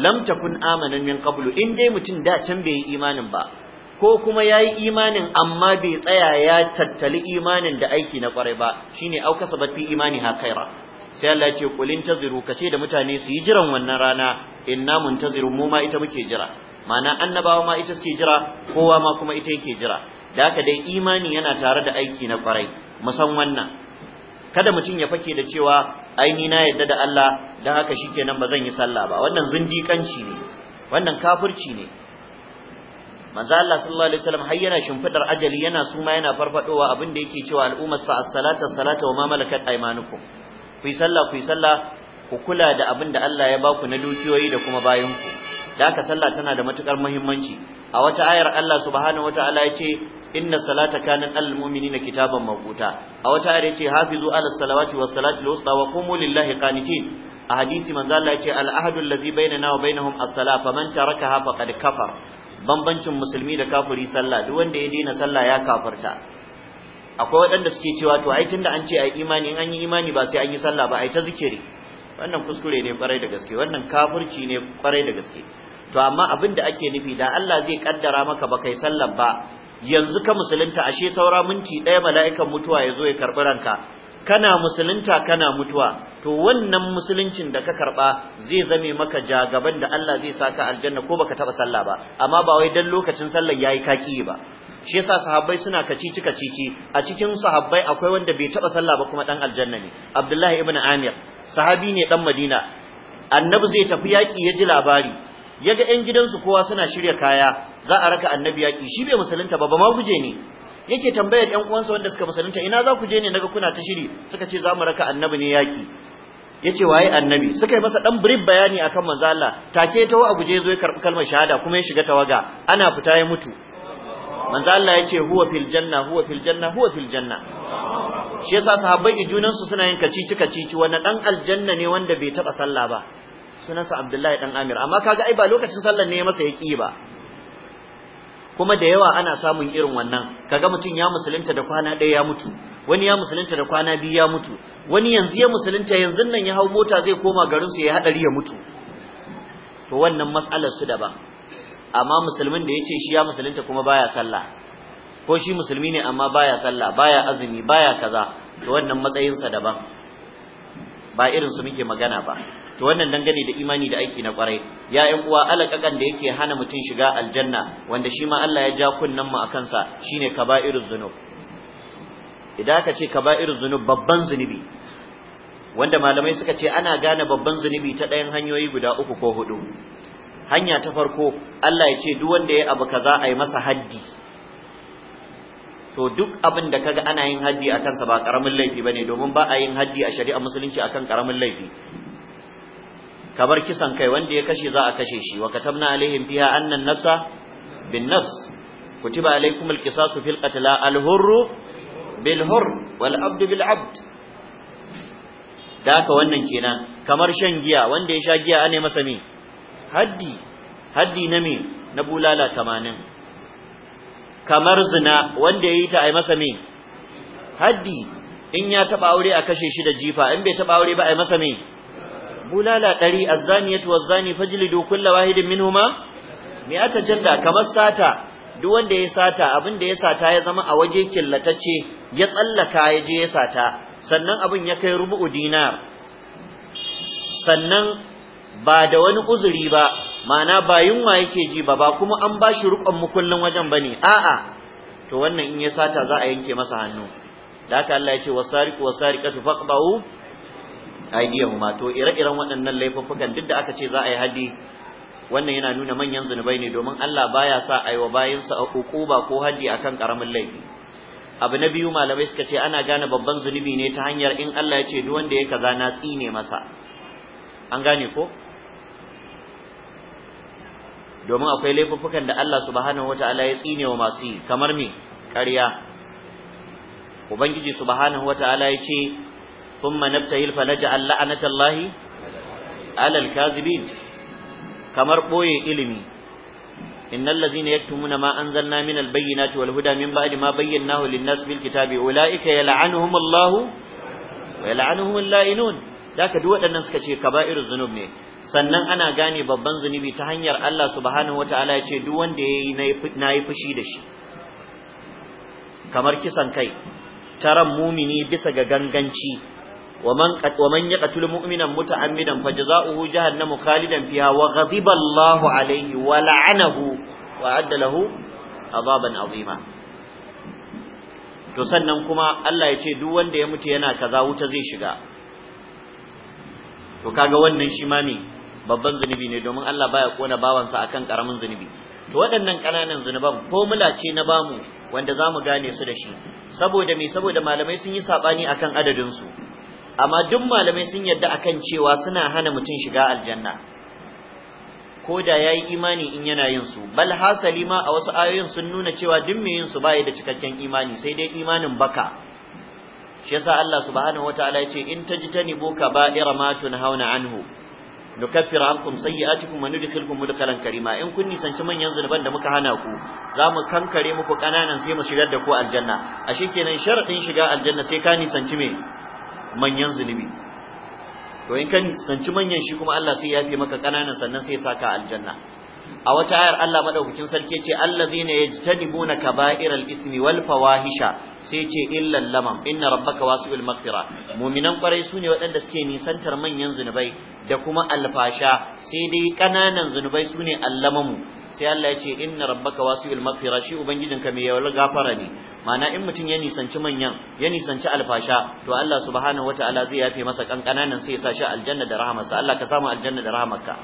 lam takun amanan min qablu in dai mutum da can bai yi imanin ba ko kuma yayi imanin amma bai tsaya ya tattali imanin da aiki na kwarai ba shine au kasabat fi imani ha khaira sai Allah ce kulin taziru kace da mutane su yi jiran wannan rana inna muntaziru mu ma ita muke jira ma'ana annabawa ma ita suke jira kowa ma kuma ita yake jira da haka dai imani yana tare da aiki na kwarai musan wannan kada mutum ya fake da cewa ai ni na yadda da Allah dan haka shikenan ba zan yi sallah ba wannan zindikanci ne wannan kafirci ne manzo Allah sallallahu alaihi wasallam har yana shimfidar ajali yana suma yana farfadowa abin da yake cewa al'ummar sa as-salata as-salata wa ma malakat aymanukum ku yi sallah ku yi sallah ku kula da abin da Allah ya baku na dukiyoyi da kuma bayanku da sallah tana da matukar muhimmanci a wata ayar Allah subhanahu wataala yace inna salata kanat alal mu'minina kitaban mawquta a wata ayar yace hafizu ala salawati was salati al-wusta wa qumu lillahi qanitin a hadisi manzo Allah yace al-ahadu allazi bainana wa bainahum as-salah faman tarakaha faqad kafar bambancin musulmi da kafiri sallah duk wanda ya daina sallah ya kafarta. akwai waɗanda suke cewa to ai tunda an ce ai imani in an yi imani ba sai an yi sallah ba ai ta zikiri wannan kuskure ne kwarai da gaske wannan kafirci ne kwarai da gaske to amma abin da ake nufi da Allah zai kaddara maka ba kai sallar ba yanzu ka musulunta ashe saura minti ɗaya mala'ikan mutuwa ya zo ya karɓi ranka kana musulunta kana mutuwa to wannan musuluncin da ka karɓa zai zame maka jagaban da Allah zai saka aljanna ko baka taɓa sallah ba amma ba wai dan lokacin sallar yayi kaki ba shi yasa sahabbai suna kacici kacici a cikin sahabbai akwai wanda bai taba sallah ba kuma dan aljanna ne Abdullahi ibn Amir sahabi ne dan Madina annabi zai tafi yaƙi ya ji labari ya ga ‘yan gidansu kowa suna shirya kaya za a raka annabi yaƙi shi bai musulunta ba ba ma guje ne yake tambayar ‘yan uwansa wanda suka musulunta ina za ku je ne naga kuna ta shiri suka ce za mu raka annabi ne yaƙi ya ce waye annabi suka yi masa ɗan brief bayani akan manzo Allah take tawo a guje zo ya karɓi kalmar shahada kuma ya shiga tawaga ana fita ya mutu manzo Allah ya ce huwa fil janna huwa fil janna huwa fil janna shi yasa sahabbai junan su suna yin kacici kacici wannan dan aljanna ne wanda bai taba sallah ba sunansa Abdullahi dan Amir amma kaga ai ba lokacin sallar ne ya masa yaki ba kuma da yawa ana samun irin wannan kaga mutum ya musulunta da kwana ɗaya ya mutu wani ya musulunta da kwana biyu ya mutu wani yanzu ya musulunta yanzu nan ya hau mota zai koma garin su ya hadari ya mutu to wannan matsalar su daban amma musulmin da yace shi ya musulunta kuma baya sallah ko shi musulmi ne amma baya sallah baya azumi baya kaza to wannan matsayinsa daban ba irin su muke magana ba to wannan dangane da imani da aiki na kwarai ya ƴan uwa alaƙaƙan da yake hana mutum shiga aljanna wanda shi ma Allah ya ja kunnan mu akan sa shine kaba'iruz zunub idan aka ce kaba'iruz zunub babban zunubi wanda malamai suka ce ana gane babban zunubi ta ɗayan hanyoyi guda uku ko hudu hanya ta farko Allah ya ce duk wanda ya abu kaza a yi masa haddi to duk abin da kaga ana yin haddi akan sa ba karamin laifi bane domin ba a yin haddi a shari'a musulunci akan karamin laifi kamar kisan kai wanda ya kashe za a kashe shi wa katabna alaihim fiha an nafsa bin nafs kutiba alaikum alqisasu fil qatla al hurr bil hurr wal abd bil abd daka wannan kenan kamar shan giya wanda ya sha giya ane masa me haddi haddi na me na bulala 80 kamar zina wanda yayi ta ai masa me haddi in ya taba aure a kashe shi da jifa in bai taba aure ba ai masa me bulala ɗari wa zani fajlidu kulla wahidin minhuma mi'ata janda kamar sata duk wanda ya sata abin da ya sata ya zama a waje killatacce ya tsallaka ya je ya sata sannan abin ya kai rubu'u dinar sannan ba da wani uzuri ba ma'ana ba yunwa yake ji ba ba kuma an ba shi rukon mukullin wajen ba ne a'a to wannan in ya sata za a yanke masa hannu da haka Allah ya ce wasariku wasariqatu faqbahu ma to ire-iren waɗannan laifuffukan duk da aka ce za a yi haddi wannan yana nuna manyan zunubai ne domin Allah baya sa a yi wa bayansa a hukuba ko haddi akan karamin laifi abu na biyu malamai suka ce ana gane babban zunubi ne ta hanyar in Allah ya ce duk wanda ya kaza na tsine masa an gane ko domin akwai laifuffukan da Allah subhanahu wataala ya tsine wa masu yi kamar me ƙarya ubangiji subhanahu wataala ya ce thumma nabtahil falaj'al la'natallahi 'alal kadhibin kamar boye ilimi innal ladhina yaktumuna ma anzalna minal bayyinati wal huda min ba'di ma bayyanahu lin-nas bil kitabi ulaika yal'anuhumullahu wa yal'anuhumul la'inun daka duk waɗannan suka ce kaba'irul zunub ne sannan ana gane babban zunubi ta hanyar Allah subhanahu wataala ce duk wanda yayi nayi fushi da shi kamar kisan kai taran mumini bisa ga ganganci ومن قت ومن يقتل مؤمنا متعمدا فجزاؤه جهنم خالدا فيها وغضب الله عليه ولعنه وأعد له عذابا عظيما to sannan kuma Allah ya ce duk wanda ya mutu yana kaza wuta zai shiga to kaga wannan shi ma ne babban zunubi ne domin Allah baya kona bawansa akan karamin zunubi to waɗannan ƙananan zunuban formula ce na bamu wanda zamu gane su da shi saboda me saboda malamai sun yi sabani akan adadin su amma duk malamai sun yarda akan cewa suna hana mutum shiga aljanna ko da yayi imani in yana yin su bal hasali ma a wasu ayoyin sun nuna cewa duk mai yin su bai da cikakken imani sai dai imanin baka shi yasa Allah subhanahu wataala ya ce in buka ba iramatun hauna anhu nukaffiru ankum sayyi'atikum wa nudkhilukum mudkhalan karima in kun nisanci manyan zunuban da muka hana ku za mu kankare muku kananan sai mu shigar da ku aljanna ashe kenan sharadin shiga aljanna sai ka nisanci me manyan zunubi to in ka nisanci manyan shi kuma Allah sai ya fi maka kananan sannan sai ya saka aljanna a wata ayar Allah madaukakin sarki ce allazina yajtanibuna kaba'iral ismi wal fawahisha sai ce illal lamam inna rabbaka wasiul maghfira mu'minan kwarai sune waɗanda suke nisantar manyan zunubai da kuma alfasha sai dai kananan zunubai sune allamamu sai Allah ya ce inna rabbaka wasiul maghfira shi ka mai yawal gafara ne ma'ana in mutum ya nisanci manyan ya nisanci alfasha to Allah subhanahu wataala zai yafe masa kankananan sai ya sa shi aljanna da Sai Allah ka samu aljanna da rahamarka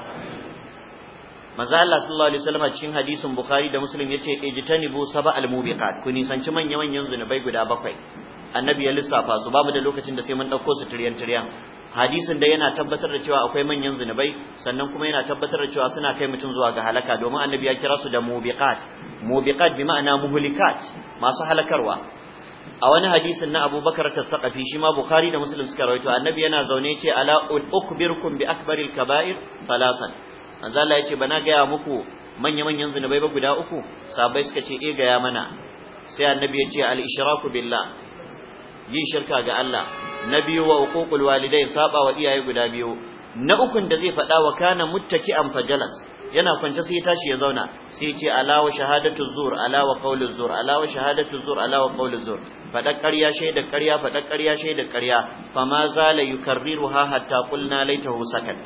manzo Allah sallallahu alaihi wasallam cikin hadisin Bukhari da Muslim yace ijtanibu saba almubiqat ku nisanci manyan manyan zunubai guda bakwai annabi ya lissafa su babu da lokacin da sai mun dauko su tiryan tiryan hadisin da yana tabbatar da cewa akwai manyan zunubai sannan kuma yana tabbatar da cewa suna kai mutum zuwa ga halaka domin annabi ya kira su da mubiqat mubiqat bi ma'ana muhlikat masu halakarwa a wani hadisin na abubakar tasaqafi shi ma bukhari da muslim suka rawaito annabi yana zaune ce ala ukbirkum bi akbaril kaba'ir salasan manzo Allah yace bana gaya muku manya-manyan bai ba guda uku sabai suka ce eh gaya mana sai annabi yace al-ishraku billah yin shirka ga Allah na biyu wa uququl walidain saba wa iyaye guda biyu na ukun da zai faɗa wa kana an fajalas yana kwance sai ya tashi ya zauna sai ce ala wa shahadatu zur ala wa qawlu zur ala wa shahadatu zur ala wa qawlu zur fada ƙarya shaida ƙarya fada ƙarya shaida ƙarya ma zala ha hatta qulna laitahu sakat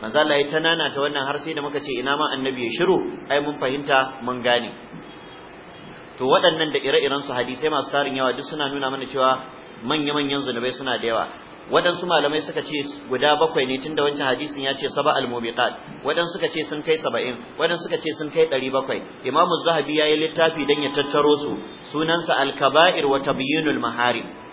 manzo Allah ya tanana ta wannan har sai da muka ce ina ma annabi ya shiru ai mun fahimta mun gane to waɗannan da ire-iren su hadisi masu tarin yawa duk suna nuna mana cewa manya-manyan zunubai suna da yawa waɗansu malamai suka ce guda bakwai ne tunda wancan hadisin ya ce saba al-mubiqat waɗansu suka ce sun kai saba'in waɗansu suka ce sun kai ɗari bakwai imamu zahabi ya yi littafi dan ya tattaro su sunansa al-kaba'ir wa tabyinul maharim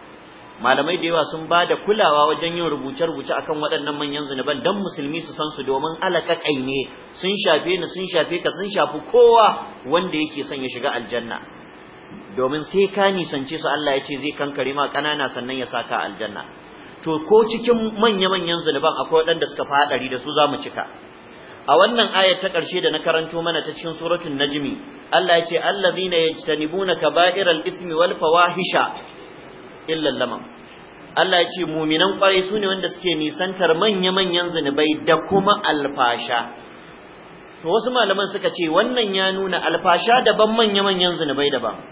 malamai da yawa sun ba da kulawa wajen yin rubuce-rubuce akan waɗannan manyan zinuban don musulmi su san su domin alaƙaƙai ne sun shafe ni sun shafe ka sun shafi kowa wanda yake son ya shiga aljanna domin sai ka nisance su Allah ya ce zai kankare ma kanana sannan ya saka aljanna to ko cikin manya-manyan zunuban akwai waɗanda suka fi haɗari da su za mu cika a wannan ayar ta ƙarshe da na karanto mana ta cikin suratul najmi Allah ya ce allazina yajtanibuna kaba'iral ismi wal fawahisha illal lamam Allah ya ce muminan kwarai su ne wanda suke nisantar manya-manyan zunubai da kuma alfasha to wasu malaman suka ce wannan ya nuna alfasha daban manya-manyan zunubai daban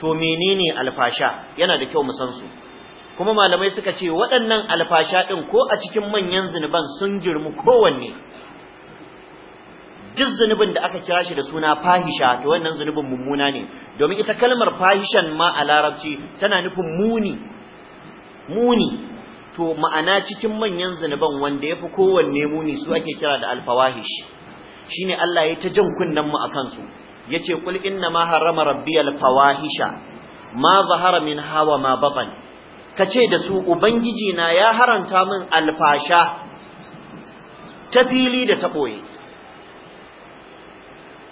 to menene alfasha yana da kyau mu san su kuma malamai suka ce waɗannan alfasha ɗin ko a cikin manyan zunuban sun girmu kowanne duk zunubin da aka kira shi da suna fahisha to wannan zunubin mummuna ne domin ita kalmar fahishan ma a larabci tana nufin muni muni to ma'ana cikin manyan zunuban wanda yafi kowanne muni su ake kira da alfawahish shine Allah ya ta jan kunnen mu akan su yace kul inna ma harrama Rabbi alfawahisha, ma zahara min hawa ma Ka kace da su ubangiji na ya haranta min alfasha ta fili da ta ɓoye.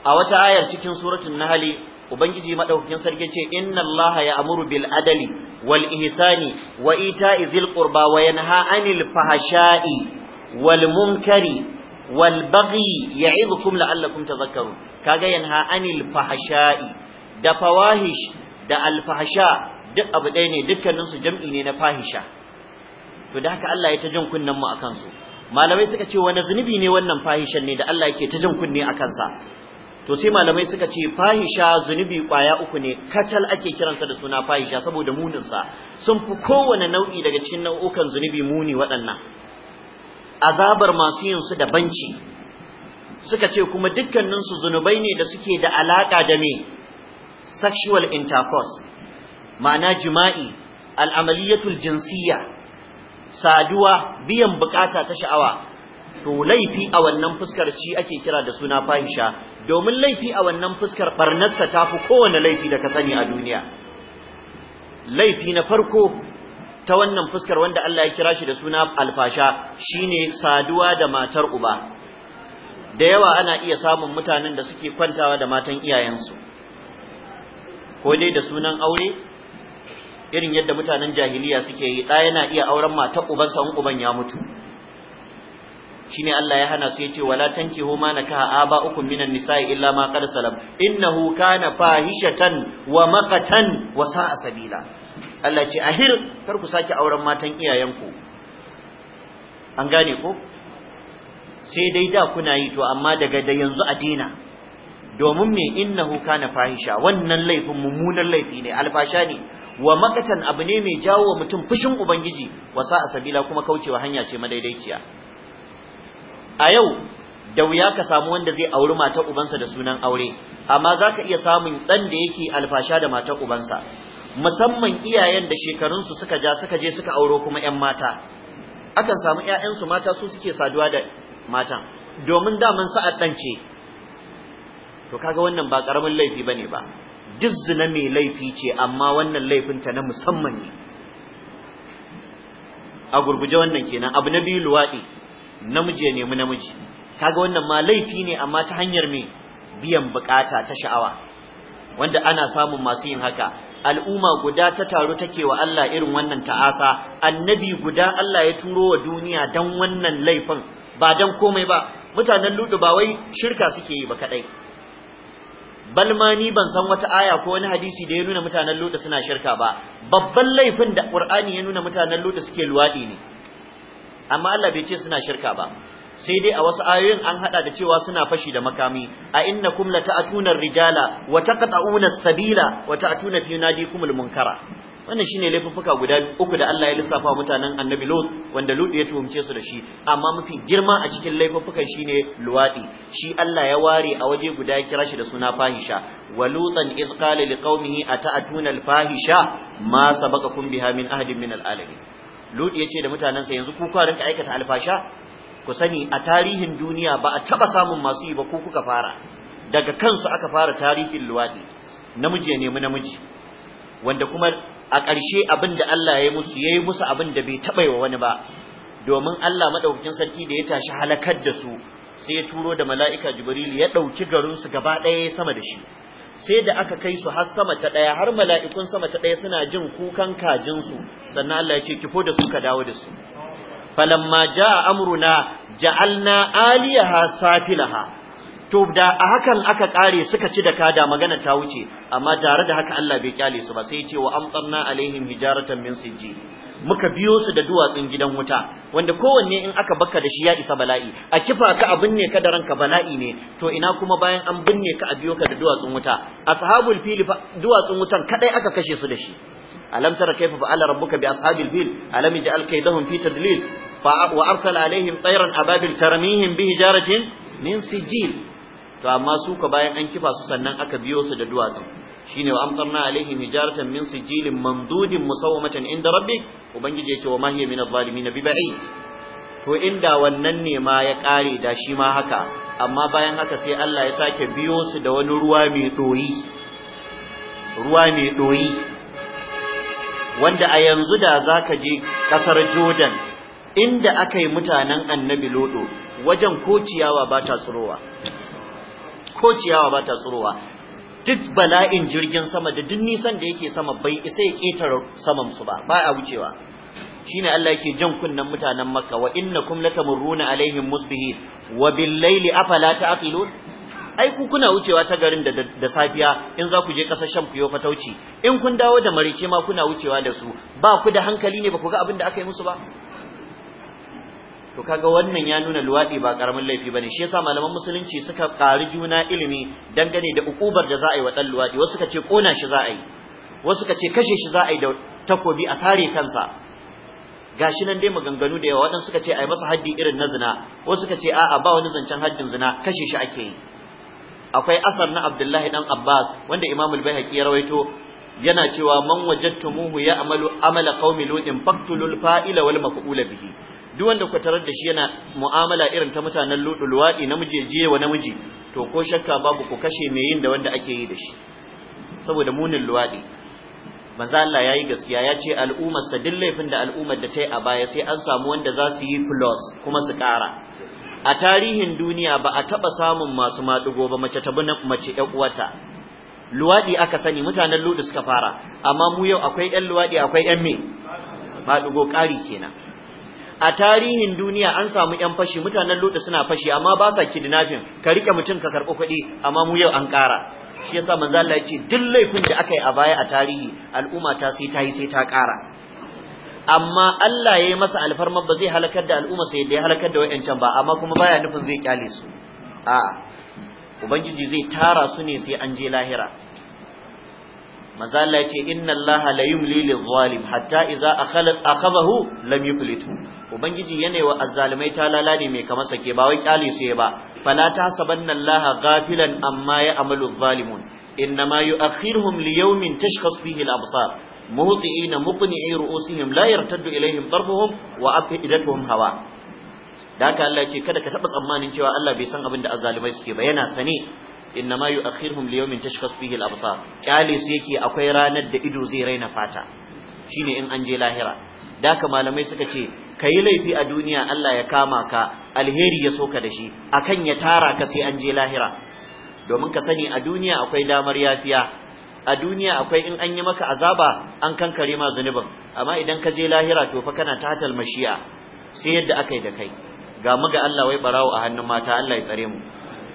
a wata ayar cikin suratun nahali ubangiji madaukakin sarki ce inna allaha amuru bil adali wal ihsani wa ita zil qurba wa yanha 'anil fahsha'i wal munkari wal baghi ya'idukum la'allakum tadhakkarun kaga yanha 'anil fahsha'i da fawahish da al fahsha duk abu ɗaya ne dukkanin su jam'i ne na fahisha to da haka Allah ya ta jin kunnen mu akan su malamai suka ce wani zunubi ne wannan fahishan ne da Allah yake ta jin kunne akan sa to sai malamai suka ce fahisha zunubi kwaya uku ne kacal ake kiransa da suna fahisha saboda muninsa sun fi kowane nau'i daga cikin nau'ukan zunubi muni waɗannan azabar masu yin su da banci suka ce kuma dukkaninsu zunubai ne da suke da alaƙa da me sexual intercourse ma'ana jima'i al'amaliyatul jinsiyya saduwa biyan bukata ta sha'awa to laifi a wannan fuskar shi ake kira da suna fahisha domin laifi a wannan fuskar barnarsa ta fi kowane laifi da ka sani a duniya laifi na farko ta wannan fuskar wanda Allah ya kira shi da suna alfasha shine saduwa da matar uba da yawa ana iya samun mutanen da suke kwantawa da matan iyayensu ko dai da sunan aure irin yadda mutanen jahiliya suke yi ɗaya yana iya auren matar ubansa in uban ya mutu shine Allah ya hana su yace wala tankihu ma nakaha aba'ukum minan nisa'i illa ma qad salam innahu kana fahishatan wa maqatan wa sa'a sabila Allah ce ahir kar ku sake auren matan iyayenku an gane ko sai dai da kuna yi to amma daga da yanzu a dina domin me innahu kana fahisha wannan laifin mummunan laifi ne alfasha ne wa makatan abu ne mai jawo wa mutum fushin ubangiji wasa a sabila kuma kaucewa hanya ce madaidaiciya a yau da wuya ka samu wanda zai auri matar ubansa da sunan aure amma za ka iya samun ɗan da yake alfasha da matar ubansa musamman iyayen da shekarunsu suka ja suka je suka auro kuma 'yan mata akan samu 'ya'yansu mata su suke saduwa da matan domin daman sa'a dan ce to kaga wannan ba ƙaramin laifi bane ba duk zina mai laifi ce amma wannan laifinta na musamman ne a gurguje wannan kenan abu na biyu luwaɗi namiji ya nemi namiji kaga wannan ma laifi ne amma ta hanyar me biyan bukata ta sha'awa wanda ana samun masu yin haka al'umma guda ta taru take wa Allah irin wannan ta'asa annabi guda Allah ya turo wa duniya dan wannan laifin ba dan komai ba mutanen ludu ba wai shirka suke yi ba kadai bal ni ban san wata aya ko wani hadisi da ya nuna mutanen ludu suna shirka ba babban laifin da qur'ani ya nuna mutanen ludu suke luwadi ne amma Allah bai ce suna shirka ba sai dai a wasu ayoyin an hada da cewa suna fashi da makami a innakum lata'atuna rijala wa taqta'una sabila wa ta'tuna fi nadikumul munkara wannan shine laifuffuka guda uku da Allah ya lissafa mutanen Annabi Lut wanda Lut ya tuhumce su da shi amma mafi girma a cikin laifuffukan shine luwadi shi Allah ya ware a waje guda ya kira shi da suna fahisha wa lutan iz qala liqaumihi ata'tuna al-fahisha ma sabaqakum biha min ahadin min al-alamin lut ya ce da mutanensa yanzu ku rinka aikata alfasha ku sani a tarihin duniya ba a taba samun masu yi ba ko kuka fara daga kansu aka fara tarihin luwaɗi. namiji ya nemi namiji wanda kuma a ƙarshe abin da Allah ya yi musu ya yi musu abin da bai taɓa wa wani ba domin Allah maɗaukakin sarki da ya tashi halakar da su sai ya turo da mala'ika jibril ya ɗauki garinsu gaba ɗaya sama da shi sai da aka kai su har sama ta ɗaya, har mala'ikun sama ta ɗaya suna jin kukan kajin su sannan Allah ya ce kifo da su ka dawo da su falamma jaa amruna ja'alna aliyaha safilaha to da a hakan aka kare suka ci da kada magana ta wuce amma tare da haka Allah bai kyale su ba sai ya ce wa amtsarna alaihim hijaratan min sijjil muka biyo su da duwatsun gidan wuta wanda kowanne in aka baka da shi ya isa bala'i a kifa ka a binne ka da ranka bala'i ne to ina kuma bayan an binne ka a biyo ka da duwatsun wuta ashabul fil duwatsun wutan kadai aka kashe su da shi alam tara kayfa fa'ala rabbuka bi ashabil fil alam yaj'al kaydahum fi tadlil fa wa arsala alaihim tayran ababil taramihim bi hijaratin min sijil to amma su ka bayan an kifa su sannan aka biyo su da duwatsun shine wa amtarna alaihim hijaratan min sijilin mamdudin musawmatan inda rabbik ubangiji yace wa ma hiya min adh-dhalimin bi ba'id to inda wannan ne ma ya kare da shi ma haka amma bayan haka sai Allah ya sake biyo su da wani ruwa mai doyi ruwa mai doyi wanda a yanzu da zaka je kasar Jordan inda akayi mutanen annabi lodo wajen ko ciyawa ba ta tsurowa ko ba ta tsirowa duk bala'in jirgin sama da duk nisan da yake sama bai isa ya ƙetare saman su ba ba a wucewa shine Allah yake jan kunnan mutanen Makka wa innakum latamurruna alaihim musbihi wa bil afala ta'qilun ai ku kuna wucewa ta garin da da safiya in za ku je kasar Sham ku fatauci in kun dawo da marice ma kuna wucewa da su ba ku da hankali ne ba ku ga abin da aka yi musu ba to kaga wannan ya nuna luwaɗi ba karamin laifi bane shi yasa malaman musulunci suka ƙari juna ilimi dangane da ukubar da za a yi wa ɗan luwaɗi wasu suka ce ƙona shi za a yi wasu suka ce kashe shi za a yi da takobi a sare kansa gashi nan dai maganganu da yawa waɗansu suka ce a yi masa haddi irin na zina wasu suka ce a'a ba wani zancen haddin zina kashe shi ake yi akwai asar na Abdullahi dan Abbas wanda Imamu al-Baihaqi ya rawaito yana cewa man wajadtumuhu ya'malu amala qaumi lutin faqtulul fa'ila wal maf'ula bihi duk wanda ku tarar da shi yana mu'amala irin ta mutanen ludu na namiji wa namiji to ko shakka babu ku kashe me yin da wanda ake yi da shi saboda munin luwaɗi, manzo Allah yayi gaskiya ya ce al'ummar sa duk laifin da al'ummar da ta yi a baya sai an samu wanda za su yi plus kuma su kara a tarihin duniya ba a taba samun masu madugo ba mace ta na mace ƴan uwata luwadi aka sani mutanen ludu suka fara amma mu yau akwai ƴan luwadi akwai ƴan me madugo ƙari kenan a tarihin duniya an samu yan fashi mutanen lutu suna fashi amma ba sa kidnapping ka rike mutum ka karɓi kuɗi amma mu yau an ƙara shi yasa manzo Allah ya ce duk laifin da aka yi a baya a tarihi al'umma ta sai ta yi sai ta ƙara amma Allah ya yi masa alfarma ba zai halakar da al'umma sai da ya halakar da wayancan ba amma kuma baya nufin zai kyale su a ubangiji zai tara su ne sai an je lahira manzo ce yace inna Allah la yumli lil zalim hatta idza akhala akhadahu lam yuflitu ubangiji yana wa azzalimai ta ne mai kamar sake ba wai kyale su ba fala tasabanna Allah ghafilan amma ya amalu zalimun innama yu'akhiruhum li yawmin tashkhas fihi al absar muhti'ina muqni'i ru'usihim la yartaddu ilaihim tarfuhum wa afidatuhum hawa da haka ce kada ka taba tsammanin cewa Allah bai san abin da azzalimai suke ba yana sane innama yu'akhiruhum liyawmin tashkhas fihi al-absar kyale su yake akwai ranar da ido zai raina fata shine in an je lahira daka malamai suka ce kai laifi a duniya Allah ya kama ka alheri ya soka da shi akan ya tara ka sai an je lahira domin ka sani a duniya akwai damar yafiya a duniya akwai in an yi maka azaba an kankare ma zunubin amma idan ka je lahira to fa kana tatal mashi'a sai yadda aka yi da kai ga mu Allah wai barawo a hannun mata Allah ya tsare mu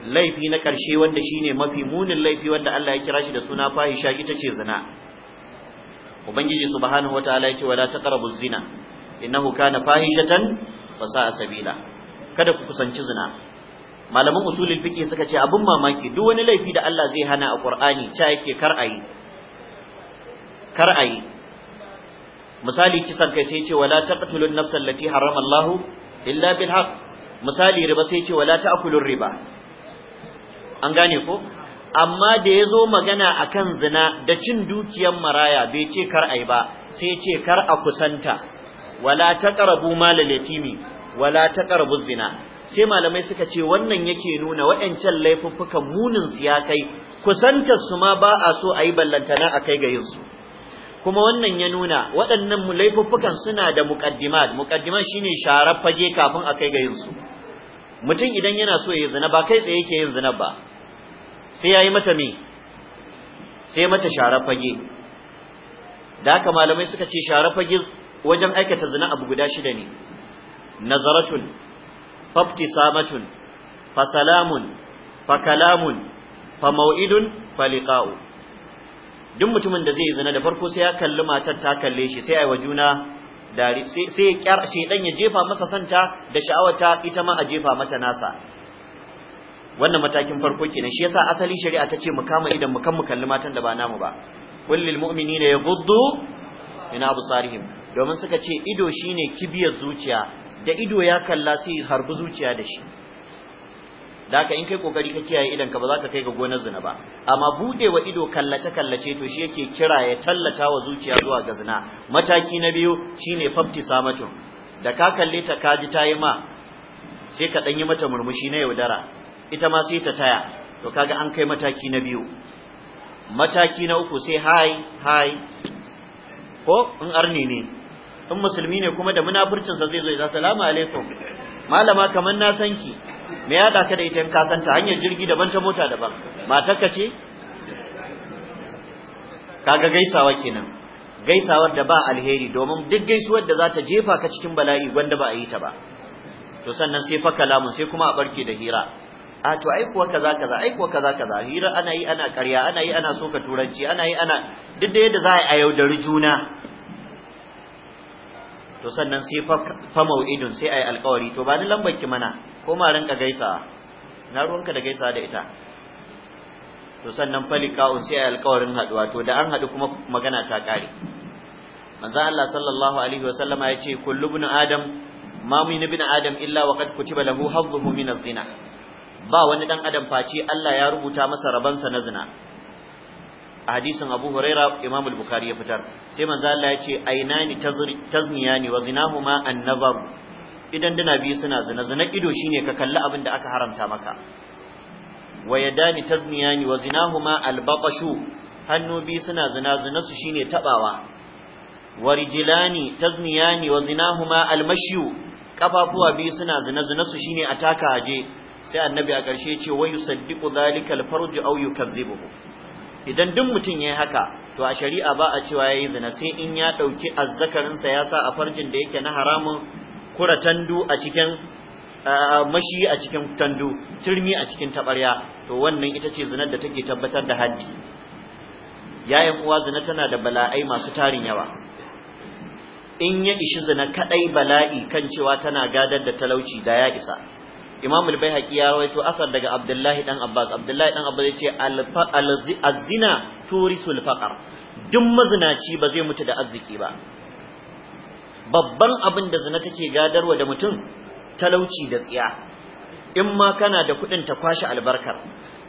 laifi na ƙarshe wanda ne mafi munin laifi wanda Allah ya kira shi da suna fahisha ita ce zina ubangiji subhanahu wataala yace wala taqrabu zina innahu kana fahishatan wa sa'a sabila kada ku kusanci zina malaman usulin fiqh suka ce abin mamaki duk wani laifi da Allah zai hana a Qur'ani cha yake kar ayi kar ayi misali kisan kai sai ce wala taqtulun nafsal lati haramallahu illa bil misali riba sai ce wala ta'kulur riba an gane ko amma da ya zo magana akan zina da cin dukiyar maraya bai ce kar ai ba sai ce kar a kusanta wala taqrabu malal yatimi wala taqrabu zina sai malamai suka ce wannan yake nuna waɗancan laifukan munin su ya kai kusantar su ma ba a so ayi ballantana akai ga yin su kuma wannan ya nuna waɗannan laifukan suna da muqaddimat muqaddimat shine sharar fage kafin akai ga yin mutum idan yana so ya yi zina ba kai tsaye yake yin zina ba sai ya yi mata me sai mata shara fage da haka malamai suka ce shara fage wajen aikata zina abu guda shida ne nazaratun Fafiti-Samatun, fasalamun fakalamun famau'idun faliqa'u duk mutumin da zai zina da farko sai ya kalli matar ta kalle shi sai ai wa juna dari sai kyar shedan ya jefa masa santa da sha'awata ita ma a jefa mata nasa wannan matakin farko kenan shi yasa asali shari'a ta mu kama idan mu kan mu kalli matan da ba namu ba kullil mu'minina yaghuddu min absarihim domin suka ce ido shine kibiyar zuciya da ido ya kalla sai harbi zuciya da shi da haka in kai kokari ka kiyaye idan ka ba za ka kai ga gonar zina ba amma wa ido kallace kallace to shi yake kira ya tallata wa zuciya zuwa ga zina mataki na biyu shine samatu da ka kalle ta kaji tayi ma sai ka danyi mata murmushi na yaudara ita ma sai ta taya to kaga an kai mataki na biyu mataki na uku sai hai hai ko in arni ne in musulmi ne kuma da munafurcinsa zai zo ya salamu alaikum malama kamar na san ki me ya ka da ita in ka ta hanyar jirgi daban ta mota daban matarka ce kaga gaisawa kenan gaisawar da ba alheri domin duk gaisuwar da za ta jefa ka cikin bala'i gwanda ba a yi ta ba to sannan sai fa kalamun sai kuma a barke da hira a to ai kuwa kaza kaza ai kuwa kaza kaza hira ana yi ana ƙarya ana yi ana soka turanci ana yi ana duk da yadda za a yaudari juna to sannan sai fa mau'idun sai ai alƙawari to ba ni lambar ki mana ko ma ranka gaisa na ruwanka da gaisa da ita to sannan falika'un sai ai alƙawarin haduwa to da an hadu kuma magana ta kare manzo Allah sallallahu alaihi ya ce, kullu ibn adam ma min ibn adam illa waqad kutiba lahu hadhuhu min az-zina ba wani dan adam face Allah ya rubuta masa rabansa na zina a hadisin Abu Huraira Imam al-Bukhari ya fitar sai manzo Allah ya ce ainani tazniyani wa zinahuma an-nazar idan dana biyu suna zina zina ido shine ka kalli abin da aka haramta maka wa yadani tazniyani wa zinahuma al-batashu hannu biyu suna zina zina su shine tabawa wa rijlani tazniyani wa zinahuma al-mashyu kafafuwa biyu suna zina zina su shine ataka aje sai annabi a ƙarshe ce wa yusaddiqu dhalika al-farj aw yukadhibuhu idan duk mutum yayi haka to a shari'a ba a cewa yayi zina sai in ya ɗauki azzakarin sa ya sa a farjin da yake na haramun kura tandu a cikin mashi a cikin tandu turmi a cikin taɓarya. to wannan ita ce zinar da take tabbatar da haddi yayin uwa zina tana da bala'ai masu tarin yawa in ya ishi zina kadai bala'i kan cewa tana gadar da talauci da ya isa Imam al-Baihaqi ya rawaito asar daga Abdullahi dan Abbas Abdullahi dan Abbas yace al-zina turisul faqar duk mazinaci ba zai mutu da arziki ba babban abin da zina take gadarwa da mutum talauci da tsiya in ma kana da kuɗin ta kwashi albarkar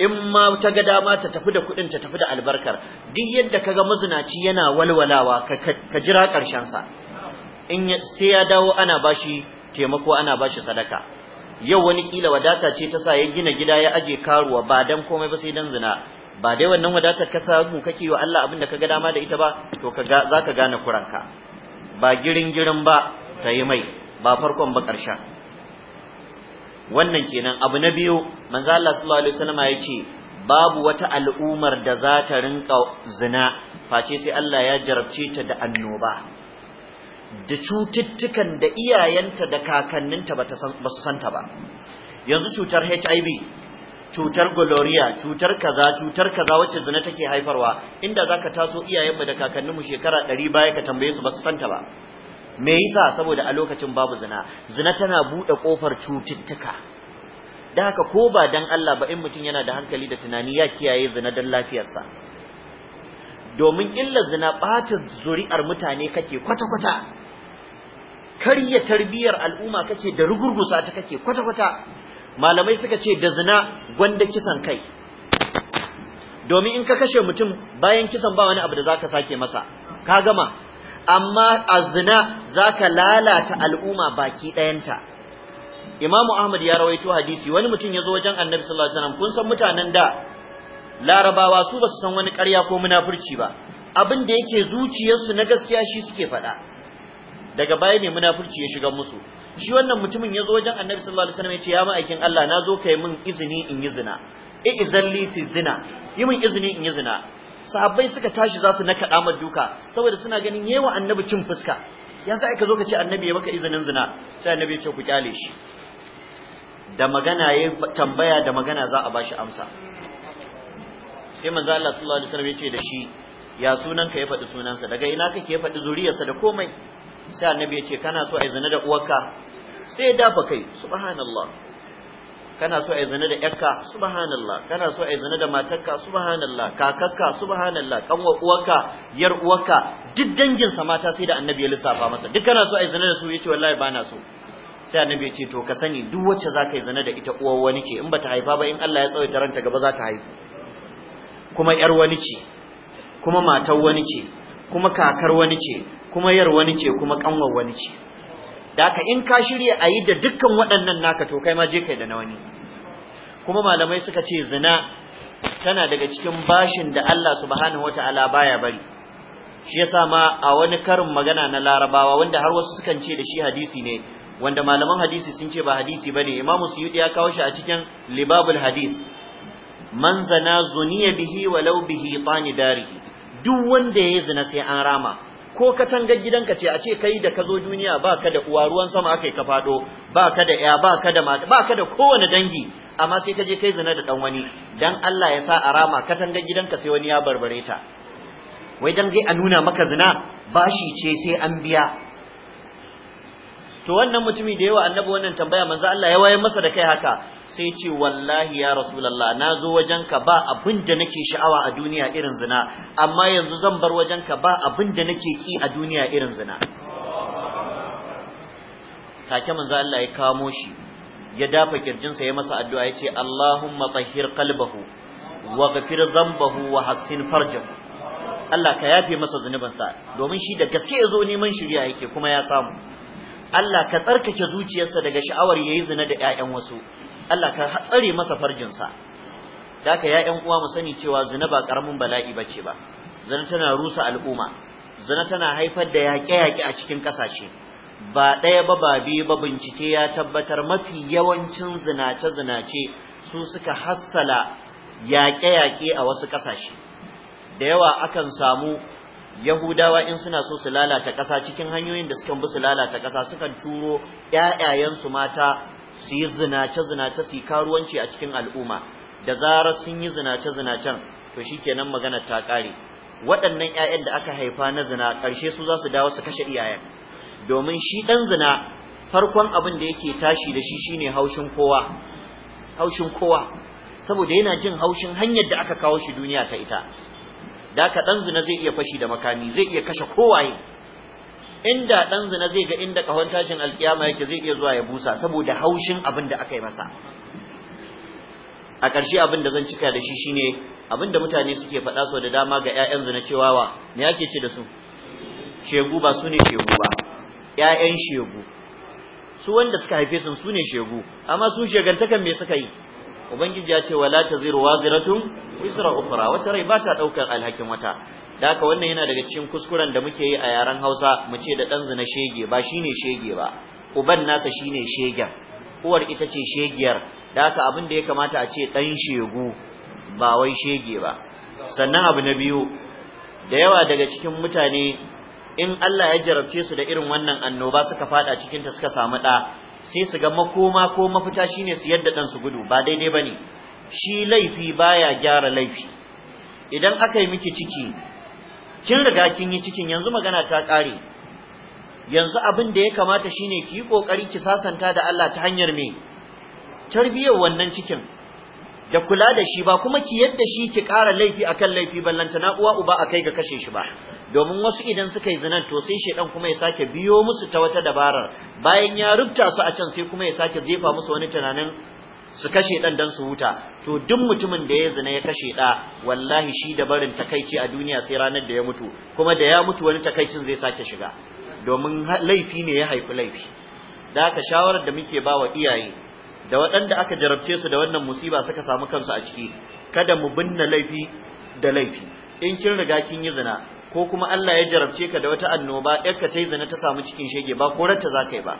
in ma ta ga dama ta tafi da kudin ta tafi da albarkar duk yadda kaga mazinaci yana walwalawa ka jira karshen sa in sai ya dawo ana bashi taimako ana bashi sadaka yau wani kila wadata ce ta sa ya gina gida ya aje karuwa ba dan komai ba sai dan zina ba dai wannan wadatar ka samu kake yi wa Allah abin da ka ga dama da ita ba to ka zaka gane kuranka ba girin girin ba tayi mai ba farkon ba ƙarshen wannan kenan abu na biyu manzo Allah sallallahu alaihi wasallam ya ce babu wata al'umar da za ta rinka zina face sai Allah ya jarabce ta da annoba da cututtukan da iyayenta da kakanninta ba su santa ba yanzu cutar HIV cutar gonorrhea cutar kaza cutar kaza wacce zina take haifarwa inda zaka taso iyayenmu da kakanninmu shekara ɗari baya ka tambaye su ba su santa ba me yasa saboda a lokacin babu zina zina tana buɗe kofar cututtuka da haka ko ba dan Allah ba in mutum yana da hankali da tunani ya kiyaye zina don lafiyarsa domin illar zina bata zuri'ar mutane kake kwata-kwata karya tarbiyyar al'umma kake da rugurgusa ta kake kwata-kwata malamai suka ce da zina gwanda kisan kai domin in ka kashe mutum bayan kisan ba wani abu da zaka sake masa ka gama amma a zina zaka lalata al'umma baki ɗayanta Imamu Ahmad ya rawaito hadisi wani mutum ya zo wajen Annabi sallallahu alaihi wasallam kun san mutanen da larabawa su ba su san wani ƙarya ko munafurci ba abin da yake zuciyarsu na gaskiya shi suke faɗa daga baya mai munafurci ya shiga musu shi wannan mutumin ya zo wajen annabi sallallahu alaihi wasallam ya ce ya ma'aikin Allah na zo kai min izini in yi zina e izalli fi zina yi min izini in yi zina sahabbai suka tashi za su nakaɗa mar duka saboda suna ganin yawa annabi cin fuska ya sa ka zo ka ce annabi ya baka izinin zina sai annabi ya ce ku kyale shi da magana ya tambaya da magana za a bashi amsa sai manzo Allah sallallahu alaihi wasallam ya da shi ya ka ya faɗi sunansa daga ina kake ya faɗi zuriyarsa da komai sai annabi yace kana so ai zina da uwarka sai da dafa kai subhanallah kana so ai zina da yarka subhanallah kana so ai zina da matarka subhanallah kakakka subhanallah kanwa uwarka yar uwarka duk dangin sa mata sai da annabi ya lissafa masa duk kana so ai zina da su yace wallahi bana so sai annabi ya ce to ka sani duk wacce zaka yi zina da ita uwar wani ce in bata haifa ba in Allah ya tsawaita ranta gaba za ta haifa. kuma ‘yar wani ce kuma matar wani ce kuma kakar wani ce kuma yar wani ce kuma kanwar wani ce da in ka shirya a yi da dukkan waɗannan naka to kai ma je kai da na wani kuma malamai suka ce zina tana daga cikin bashin da Allah subhanahu wata'ala baya bari shi yasa ma a wani karin magana na larabawa wanda har wasu sukan ce da shi hadisi ne wanda malaman hadisi sun ce ba hadisi bane imamu suyudi ya kawo shi a cikin libabul hadis man zana zuniya bihi walau bihi tani darihi duk wanda ya zina sai an rama ko ka tanga gidanka ce a ce kai da ka zo duniya ba ka da uwa ruwan sama aka ka fado ba ka da ya ba ka da mata ba ka da kowane dangi amma sai ka je kai zina da dan wani dan Allah ya sa a rama ka tanga gidanka sai wani ya barbare ta wai dan dai a nuna maka zina bashi ce sai an biya to wannan mutumi da yawa annabi wannan tambaya manzo Allah ya waye masa da kai haka sai ce wallahi ya rasulullah na zo wajenka ba abin da nake sha'awa a duniya irin zina amma yanzu zan bar wajenka ba abin da nake ki a duniya irin zina take manzo Allah ya kamo shi ya dafa kirjinsa ya masa addu'a ya ce Allahumma tahhir qalbahu wa ghfir dhanbahu wa hassin farjahu Allah ka yafe masa zunubansa domin shi da gaske yazo neman shirya yake kuma ya samu Allah ka tsarkake zuciyarsa daga sha'awar yayi zina da ƴaƴan wasu Allah ka tsare masa farjinsa da ka ya ƴan uwa mu sani cewa zina ba karamin bala'i bace ba zina tana rusa al'umma zina tana haifar da yaƙe-yaƙe a cikin ƙasashe ba ɗaya ba ba biyu ba bincike ya tabbatar mafi yawancin zinace-zinace su suka hassala yaƙe-yaƙe a wasu ƙasashe da yawa akan samu Yahudawa in suna so su lalata ƙasa cikin hanyoyin da suka bi su lalata ƙasa sukan turo ‘ya'yayensu mata su yi zinace-zinace su yi karuwanci a cikin al'umma da zarar sun yi zinace-zinacen to shi nan magana ta ƙare waɗannan 'ya'yan da aka haifa na zina ƙarshe su za su dawo su kashe iyayen domin shi ɗan zina farkon abin da yake tashi da shi shine haushin kowa haushin kowa saboda yana jin haushin hanyar da aka kawo shi duniya ta ita da aka ɗan zina zai iya fashi da makami zai iya kashe kowaye inda dan zina zai ga inda kahon tashin alkiyama yake zai iya zuwa ya busa saboda haushin abin da aka yi masa a ƙarshe abin da zan cika da shi shine abin da mutane suke faɗa so da dama ga ƴaƴan zina cewa wa me yake ce da su shegu ba su ne shegu ba ƴaƴan shegu su wanda suka haife su su ne shegu amma su shegantakan me suka yi ubangiji ya ce wala taziru waziratun wisra ukhra wata rai ba ta daukar alhakin wata da haka wannan yana daga cikin kuskuren da muke yi a yaren Hausa mu ce da ɗan zina shege ba shine shege ba uban nasa shine shegen uwar ita ce shegiyar da haka abin da ya kamata a ce ɗan shegu ba wai shege ba sannan abu na biyu da yawa daga cikin mutane in Allah ya jarabce su da irin wannan annoba suka fada cikin ta suka samu ɗa, sai su ga makoma ko mafita shine su yadda dan su gudu ba daidai bane shi laifi baya gyara laifi idan aka yi miki ciki kin riga kin yi cikin yanzu magana ta ƙare yanzu abin da ya kamata shine ki yi kokari ki sasanta da Allah ta hanyar me tarbiyyar wannan cikin da kula da shi ba kuma ki yadda shi ki ƙara laifi akan laifi ballanta na uwa uba akai ga kashe shi ba domin wasu idan suka yi zinan to sai shedan kuma ya sake biyo musu ta wata dabarar bayan ya rubta su a can sai kuma ya sake jefa musu wani tunanin su kashe dan dan su huta to duk mutumin da ya zina ya kashe da wallahi shi da barin takaici a duniya sai ranar da ya mutu kuma da ya mutu wani takaicin zai sake shiga domin laifi ne ya haifi laifi da aka shawarar da muke ba wa iyaye da waɗanda aka jarabce su da wannan musiba suka samu kansu a ciki kada mu binne laifi da laifi in kin riga kin yi zina ko kuma Allah ya jarabce ka da wata annoba yarka ta yi zina ta samu cikin shege ba ko ranta za ba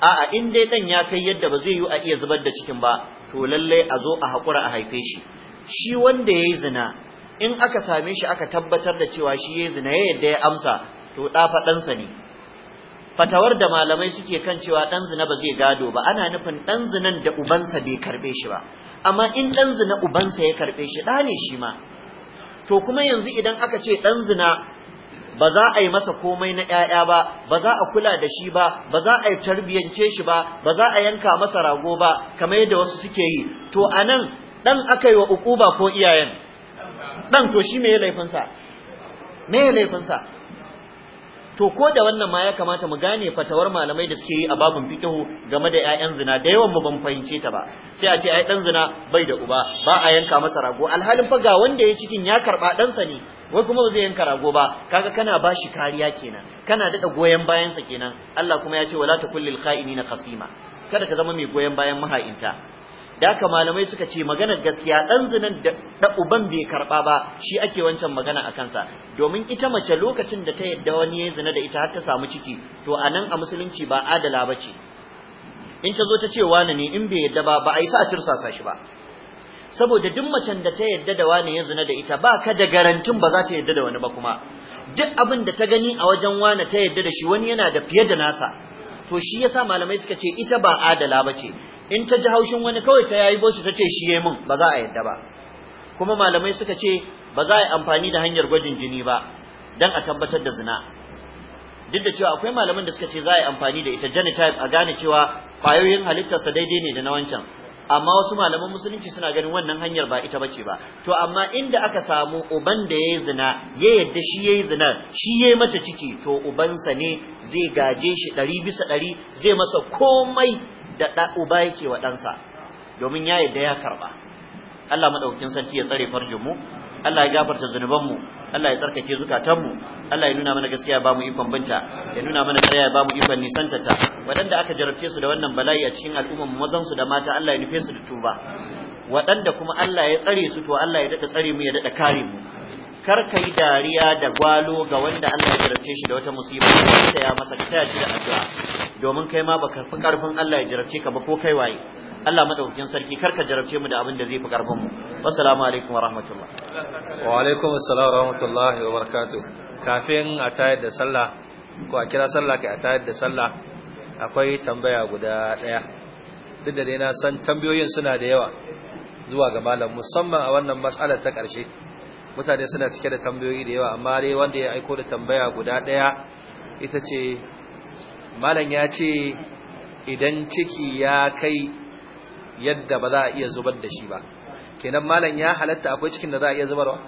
a'a in dai dan ya kai yadda ba zai yi a iya zubar da cikin ba to lallai a zo a haƙura a haife shi shi wanda ya yi zina in aka same shi aka tabbatar da cewa shi ya zina ya yadda ya amsa to ɗafa ɗansa ne fatawar da malamai suke kan cewa ɗan zina ba zai gado ba ana nufin ɗan zinan da ubansa bai karɓe shi ba amma in ɗan zina ubansa ya karɓe shi ɗa ne shi ma to kuma yanzu idan aka ce ɗan zina ba za a yi masa komai na 'ya'ya ba ba za a kula da shi ba ba za a yi tarbiyance shi ba ba za a yanka masa rago ba kamar yadda wasu suke yi to anan dan aka yi wa ukuba ko iyayen dan to shi me ya laifin me ya laifin to ko da wannan ma ya kamata mu gane fatawar malamai da suke yi a babun fikihu game da 'ya'yan zina da yawan mu ban fahimce ta ba sai a ce ai dan zina bai da uba ba a yanka masa rago alhalin fa ga wanda ya cikin ya karɓa dan sa ne wai kuma ba zai yanka rago ba kaga kana bashi kariya kenan kana dada goyen bayansa kenan Allah kuma ya ce wala ta kullil kha'inina khasima kada ka zama mai goyen bayan maha'inta da ka malamai suka ce maganar gaskiya dan zinan da uban bai karba ba shi ake wancan magana a kansa domin ita mace lokacin da ta yadda wani yayi zina da ita har ta samu ciki to anan a musulunci ba adala bace in ta zo ta ce wani ne in bai yadda ba ba a yi sa a tirsasa shi ba saboda duk macen da ta yadda da wani ya zina da ita ba ka da garantin ba za ta yadda da wani ba kuma duk abin da ta gani a wajen wani ta yadda da shi wani yana da fiye da nasa to shi yasa malamai suka ce ita ba adala ba ce in ta ji haushin wani kawai ta yayi boshi ta ce shi yayi min ba za a yadda ba kuma malamai suka ce ba za a yi amfani da hanyar gwajin jini ba dan a tabbatar da zina duk da cewa akwai malaman da suka ce za a yi amfani da ita genotype a gane cewa kwayoyin halittarsa daidai ne da na wancan amma wasu malaman musulunci suna ganin wannan hanyar ba ita bace ba to amma inda aka samu uban da yayi zina ya yadda shi yayi zina shi yayi mata ciki to ubansa ne zai gaje shi ɗari bisa ɗari zai masa komai da da uba yake wa ɗansa domin ya yadda ya karɓa. Allah madaukin sarki ya tsare farjinmu. Allah ya gafarta zunuban mu Allah ya tsarkake zukatanmu Allah ya nuna mana gaskiya ba mu ikon binta ya nuna mana tsaya ya ba mu ikon nisanta ta waɗanda aka jarabce su da wannan bala'i a cikin al'ummar mazan su da mata Allah ya nufe su da tuba waɗanda kuma Allah ya tsare su to Allah ya dada tsare mu ya dada kare mu kar ka yi dariya da gwalo ga wanda Allah ya jarabce shi da wata musiba ka ya masa ka taya da addu'a domin kai ma baka fi karfin Allah ya jarabce ka ba ko kai waye Allah madaukakin sarki karka jarabce mu da abin da zai fi karfin mu assalamu alaikum wa rahmatullah wa alaikum assalam wa rahmatullahi wa barakatuh kafin a tayar da sallah ko a kira sallah kai a tayar da sallah akwai tambaya guda daya duk da dai na san tambayoyin suna da yawa zuwa ga malam musamman a wannan mas'alar ta karshe mutane suna cike da tambayoyi da yawa amma dai wanda ya aiko da tambaya guda daya ita ce malam ya ce idan ciki ya kai yadda ba za a iya zubar da shi ba kenan malam ya halatta akwai cikin da za a iya zubarwa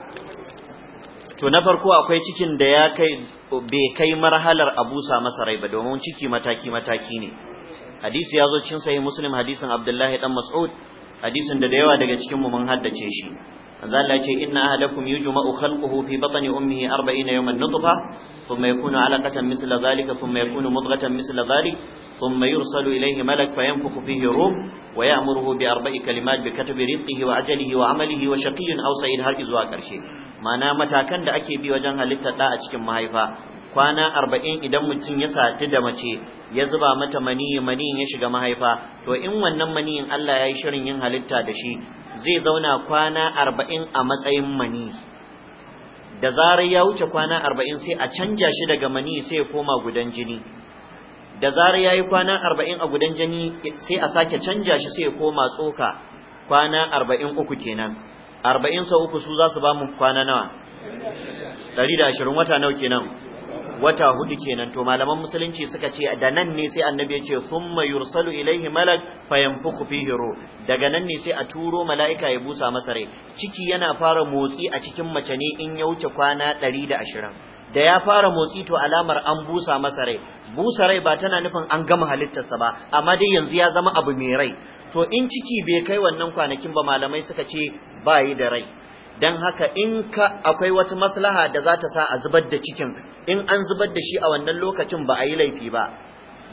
to na farko akwai cikin da ya kai bai kai marhalar abusa masa rai ba domin ciki mataki mataki ne hadisi ya zo cikin sahih muslim hadisin abdullahi dan mas'ud hadisin da da yawa daga cikin mu mun haddace shi zalla ce inna ahadakum yujma'u khalquhu fi batni ummihi 40 yawman nutfa thumma yakunu 'alaqatan mithla dhalika thumma yakunu mudghatan mithla dhalika ثم يرسل إليه ملك فينفخ فيه روح ويأمره بأربع كلمات بكتب رزقه وأجله وعمله وشقي أو سعيد هر إزوا كرشي معنى متاكن da ake bi wajen halittar da a cikin mahaifa kwana arba'in idan mutum ya sati da mace ya zuba mata maniyi maniyin ya shiga mahaifa to in wannan maniyin Allah ya yi shirin yin halitta da shi zai zauna kwana arba'in a matsayin mani da zarar ya wuce kwana arba'in sai a canja shi daga mani sai ya koma gudan jini da zarar yayi kwana 40 a gudan jini sai a sake canja shi sai ya koma tsoka kwana 43 uku kenan 40 sau uku su za su ba mu kwana nawa 120 wata nawa kenan wata hudu kenan to malaman musulunci suka ce da nan ne sai annabi ya ce summa yursalu ilaihi malak fayanfukhu fihi ruh daga nan ne sai a turo mala'ika ya busa masa rai ciki yana fara motsi a cikin mace ne in ya wuce kwana 120 da ya fara motsi to alamar an busa masa rai busa rai ba tana nufin an gama halittarsa ba amma dai yanzu ya zama abu mai rai to in ciki bai kai wannan kwanakin ba malamai suka ce ba yi da rai don haka in ka akwai wata maslaha da za ta sa a zubar da cikin in an zubar da shi a wannan lokacin ba a yi laifi ba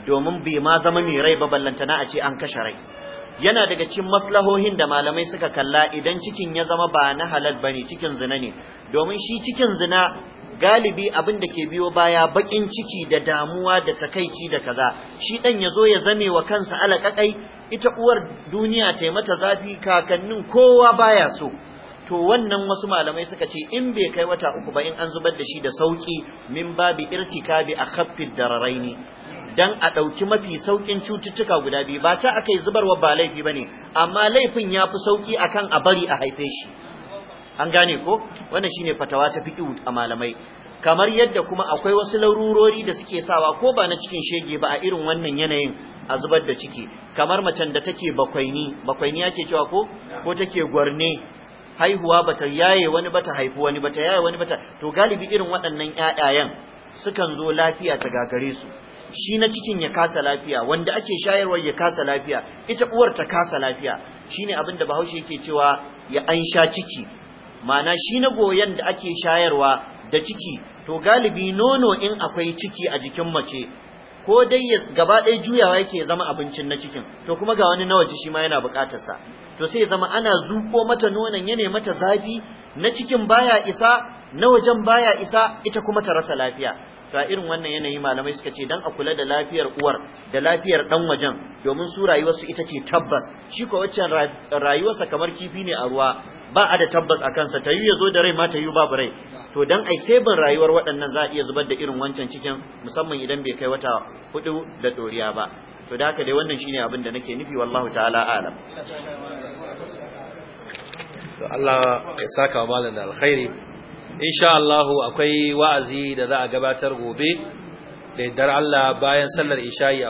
domin bai ma zama mai rai ba ballantana a ce an kashe rai yana daga cikin maslahohin da malamai suka kalla idan cikin ya zama ba na halal bane cikin zina ne domin shi cikin zina galibi abin da ke biyo baya bakin ciki da damuwa da takaici da kaza shi dan yazo ya zame wa kansa alakakai ita uwar duniya tai mata zafi kakannin kowa baya so to wannan wasu malamai suka ce in bai kai wata uku ba in an zubar da shi da sauki min babi irtikabi a khaffid dararaini dan a ɗauki mafi saukin cututtuka guda biyu ba ta akai zubarwa ba laifi bane amma laifin ya fi sauki akan a bari a haife shi an gane ko wannan shine fatawa ta fiqhu a malamai kamar yadda kuma akwai wasu larurori da suke sawa ko ba na cikin shege ba a irin wannan yanayin a zubar da ciki kamar macen da take bakwaini bakwaini ake cewa ko ko take gwarne haihuwa bata yaye wani bata haifu wani bata yaye wani bata to galibi irin waɗannan ƴaƴayen sukan zo lafiya ta gagare su shi na cikin ya kasa lafiya wanda ake shayarwa ya kasa lafiya ita uwar ta kasa lafiya shine abinda Bahaushe yake cewa ya ansha ciki ma'ana shi na goyon da ake shayarwa da ciki to galibi nono in akwai ciki a jikin mace ko dai gaba ɗaya juyawa yake zama abincin na cikin to kuma ga wani na waje shi ma yana buƙatarsa to sai zama ana zuko mata nonon yana mata zafi na cikin baya isa na wajen baya isa ita kuma ta rasa lafiya to a irin wannan yanayi malamai suka ce dan a kula da lafiyar uwar da lafiyar dan wajen domin su rayuwarsu ita ce tabbas shi ko waccan rayuwarsa kamar kifi ne a ruwa ba a da tabbas a kansa ta yi ya zo da rai ma ta yi babu rai to dan ai sai ban rayuwar waɗannan za a iya zubar da irin wancan cikin musamman idan bai kai wata hudu da doriya ba to da haka dai wannan shine abin da nake nufi wallahu ta'ala alam to Allah ya saka malam da alkhairi insha Allah akwai wa'azi da za a gabatar gobe da dar Allah bayan sallar isha'i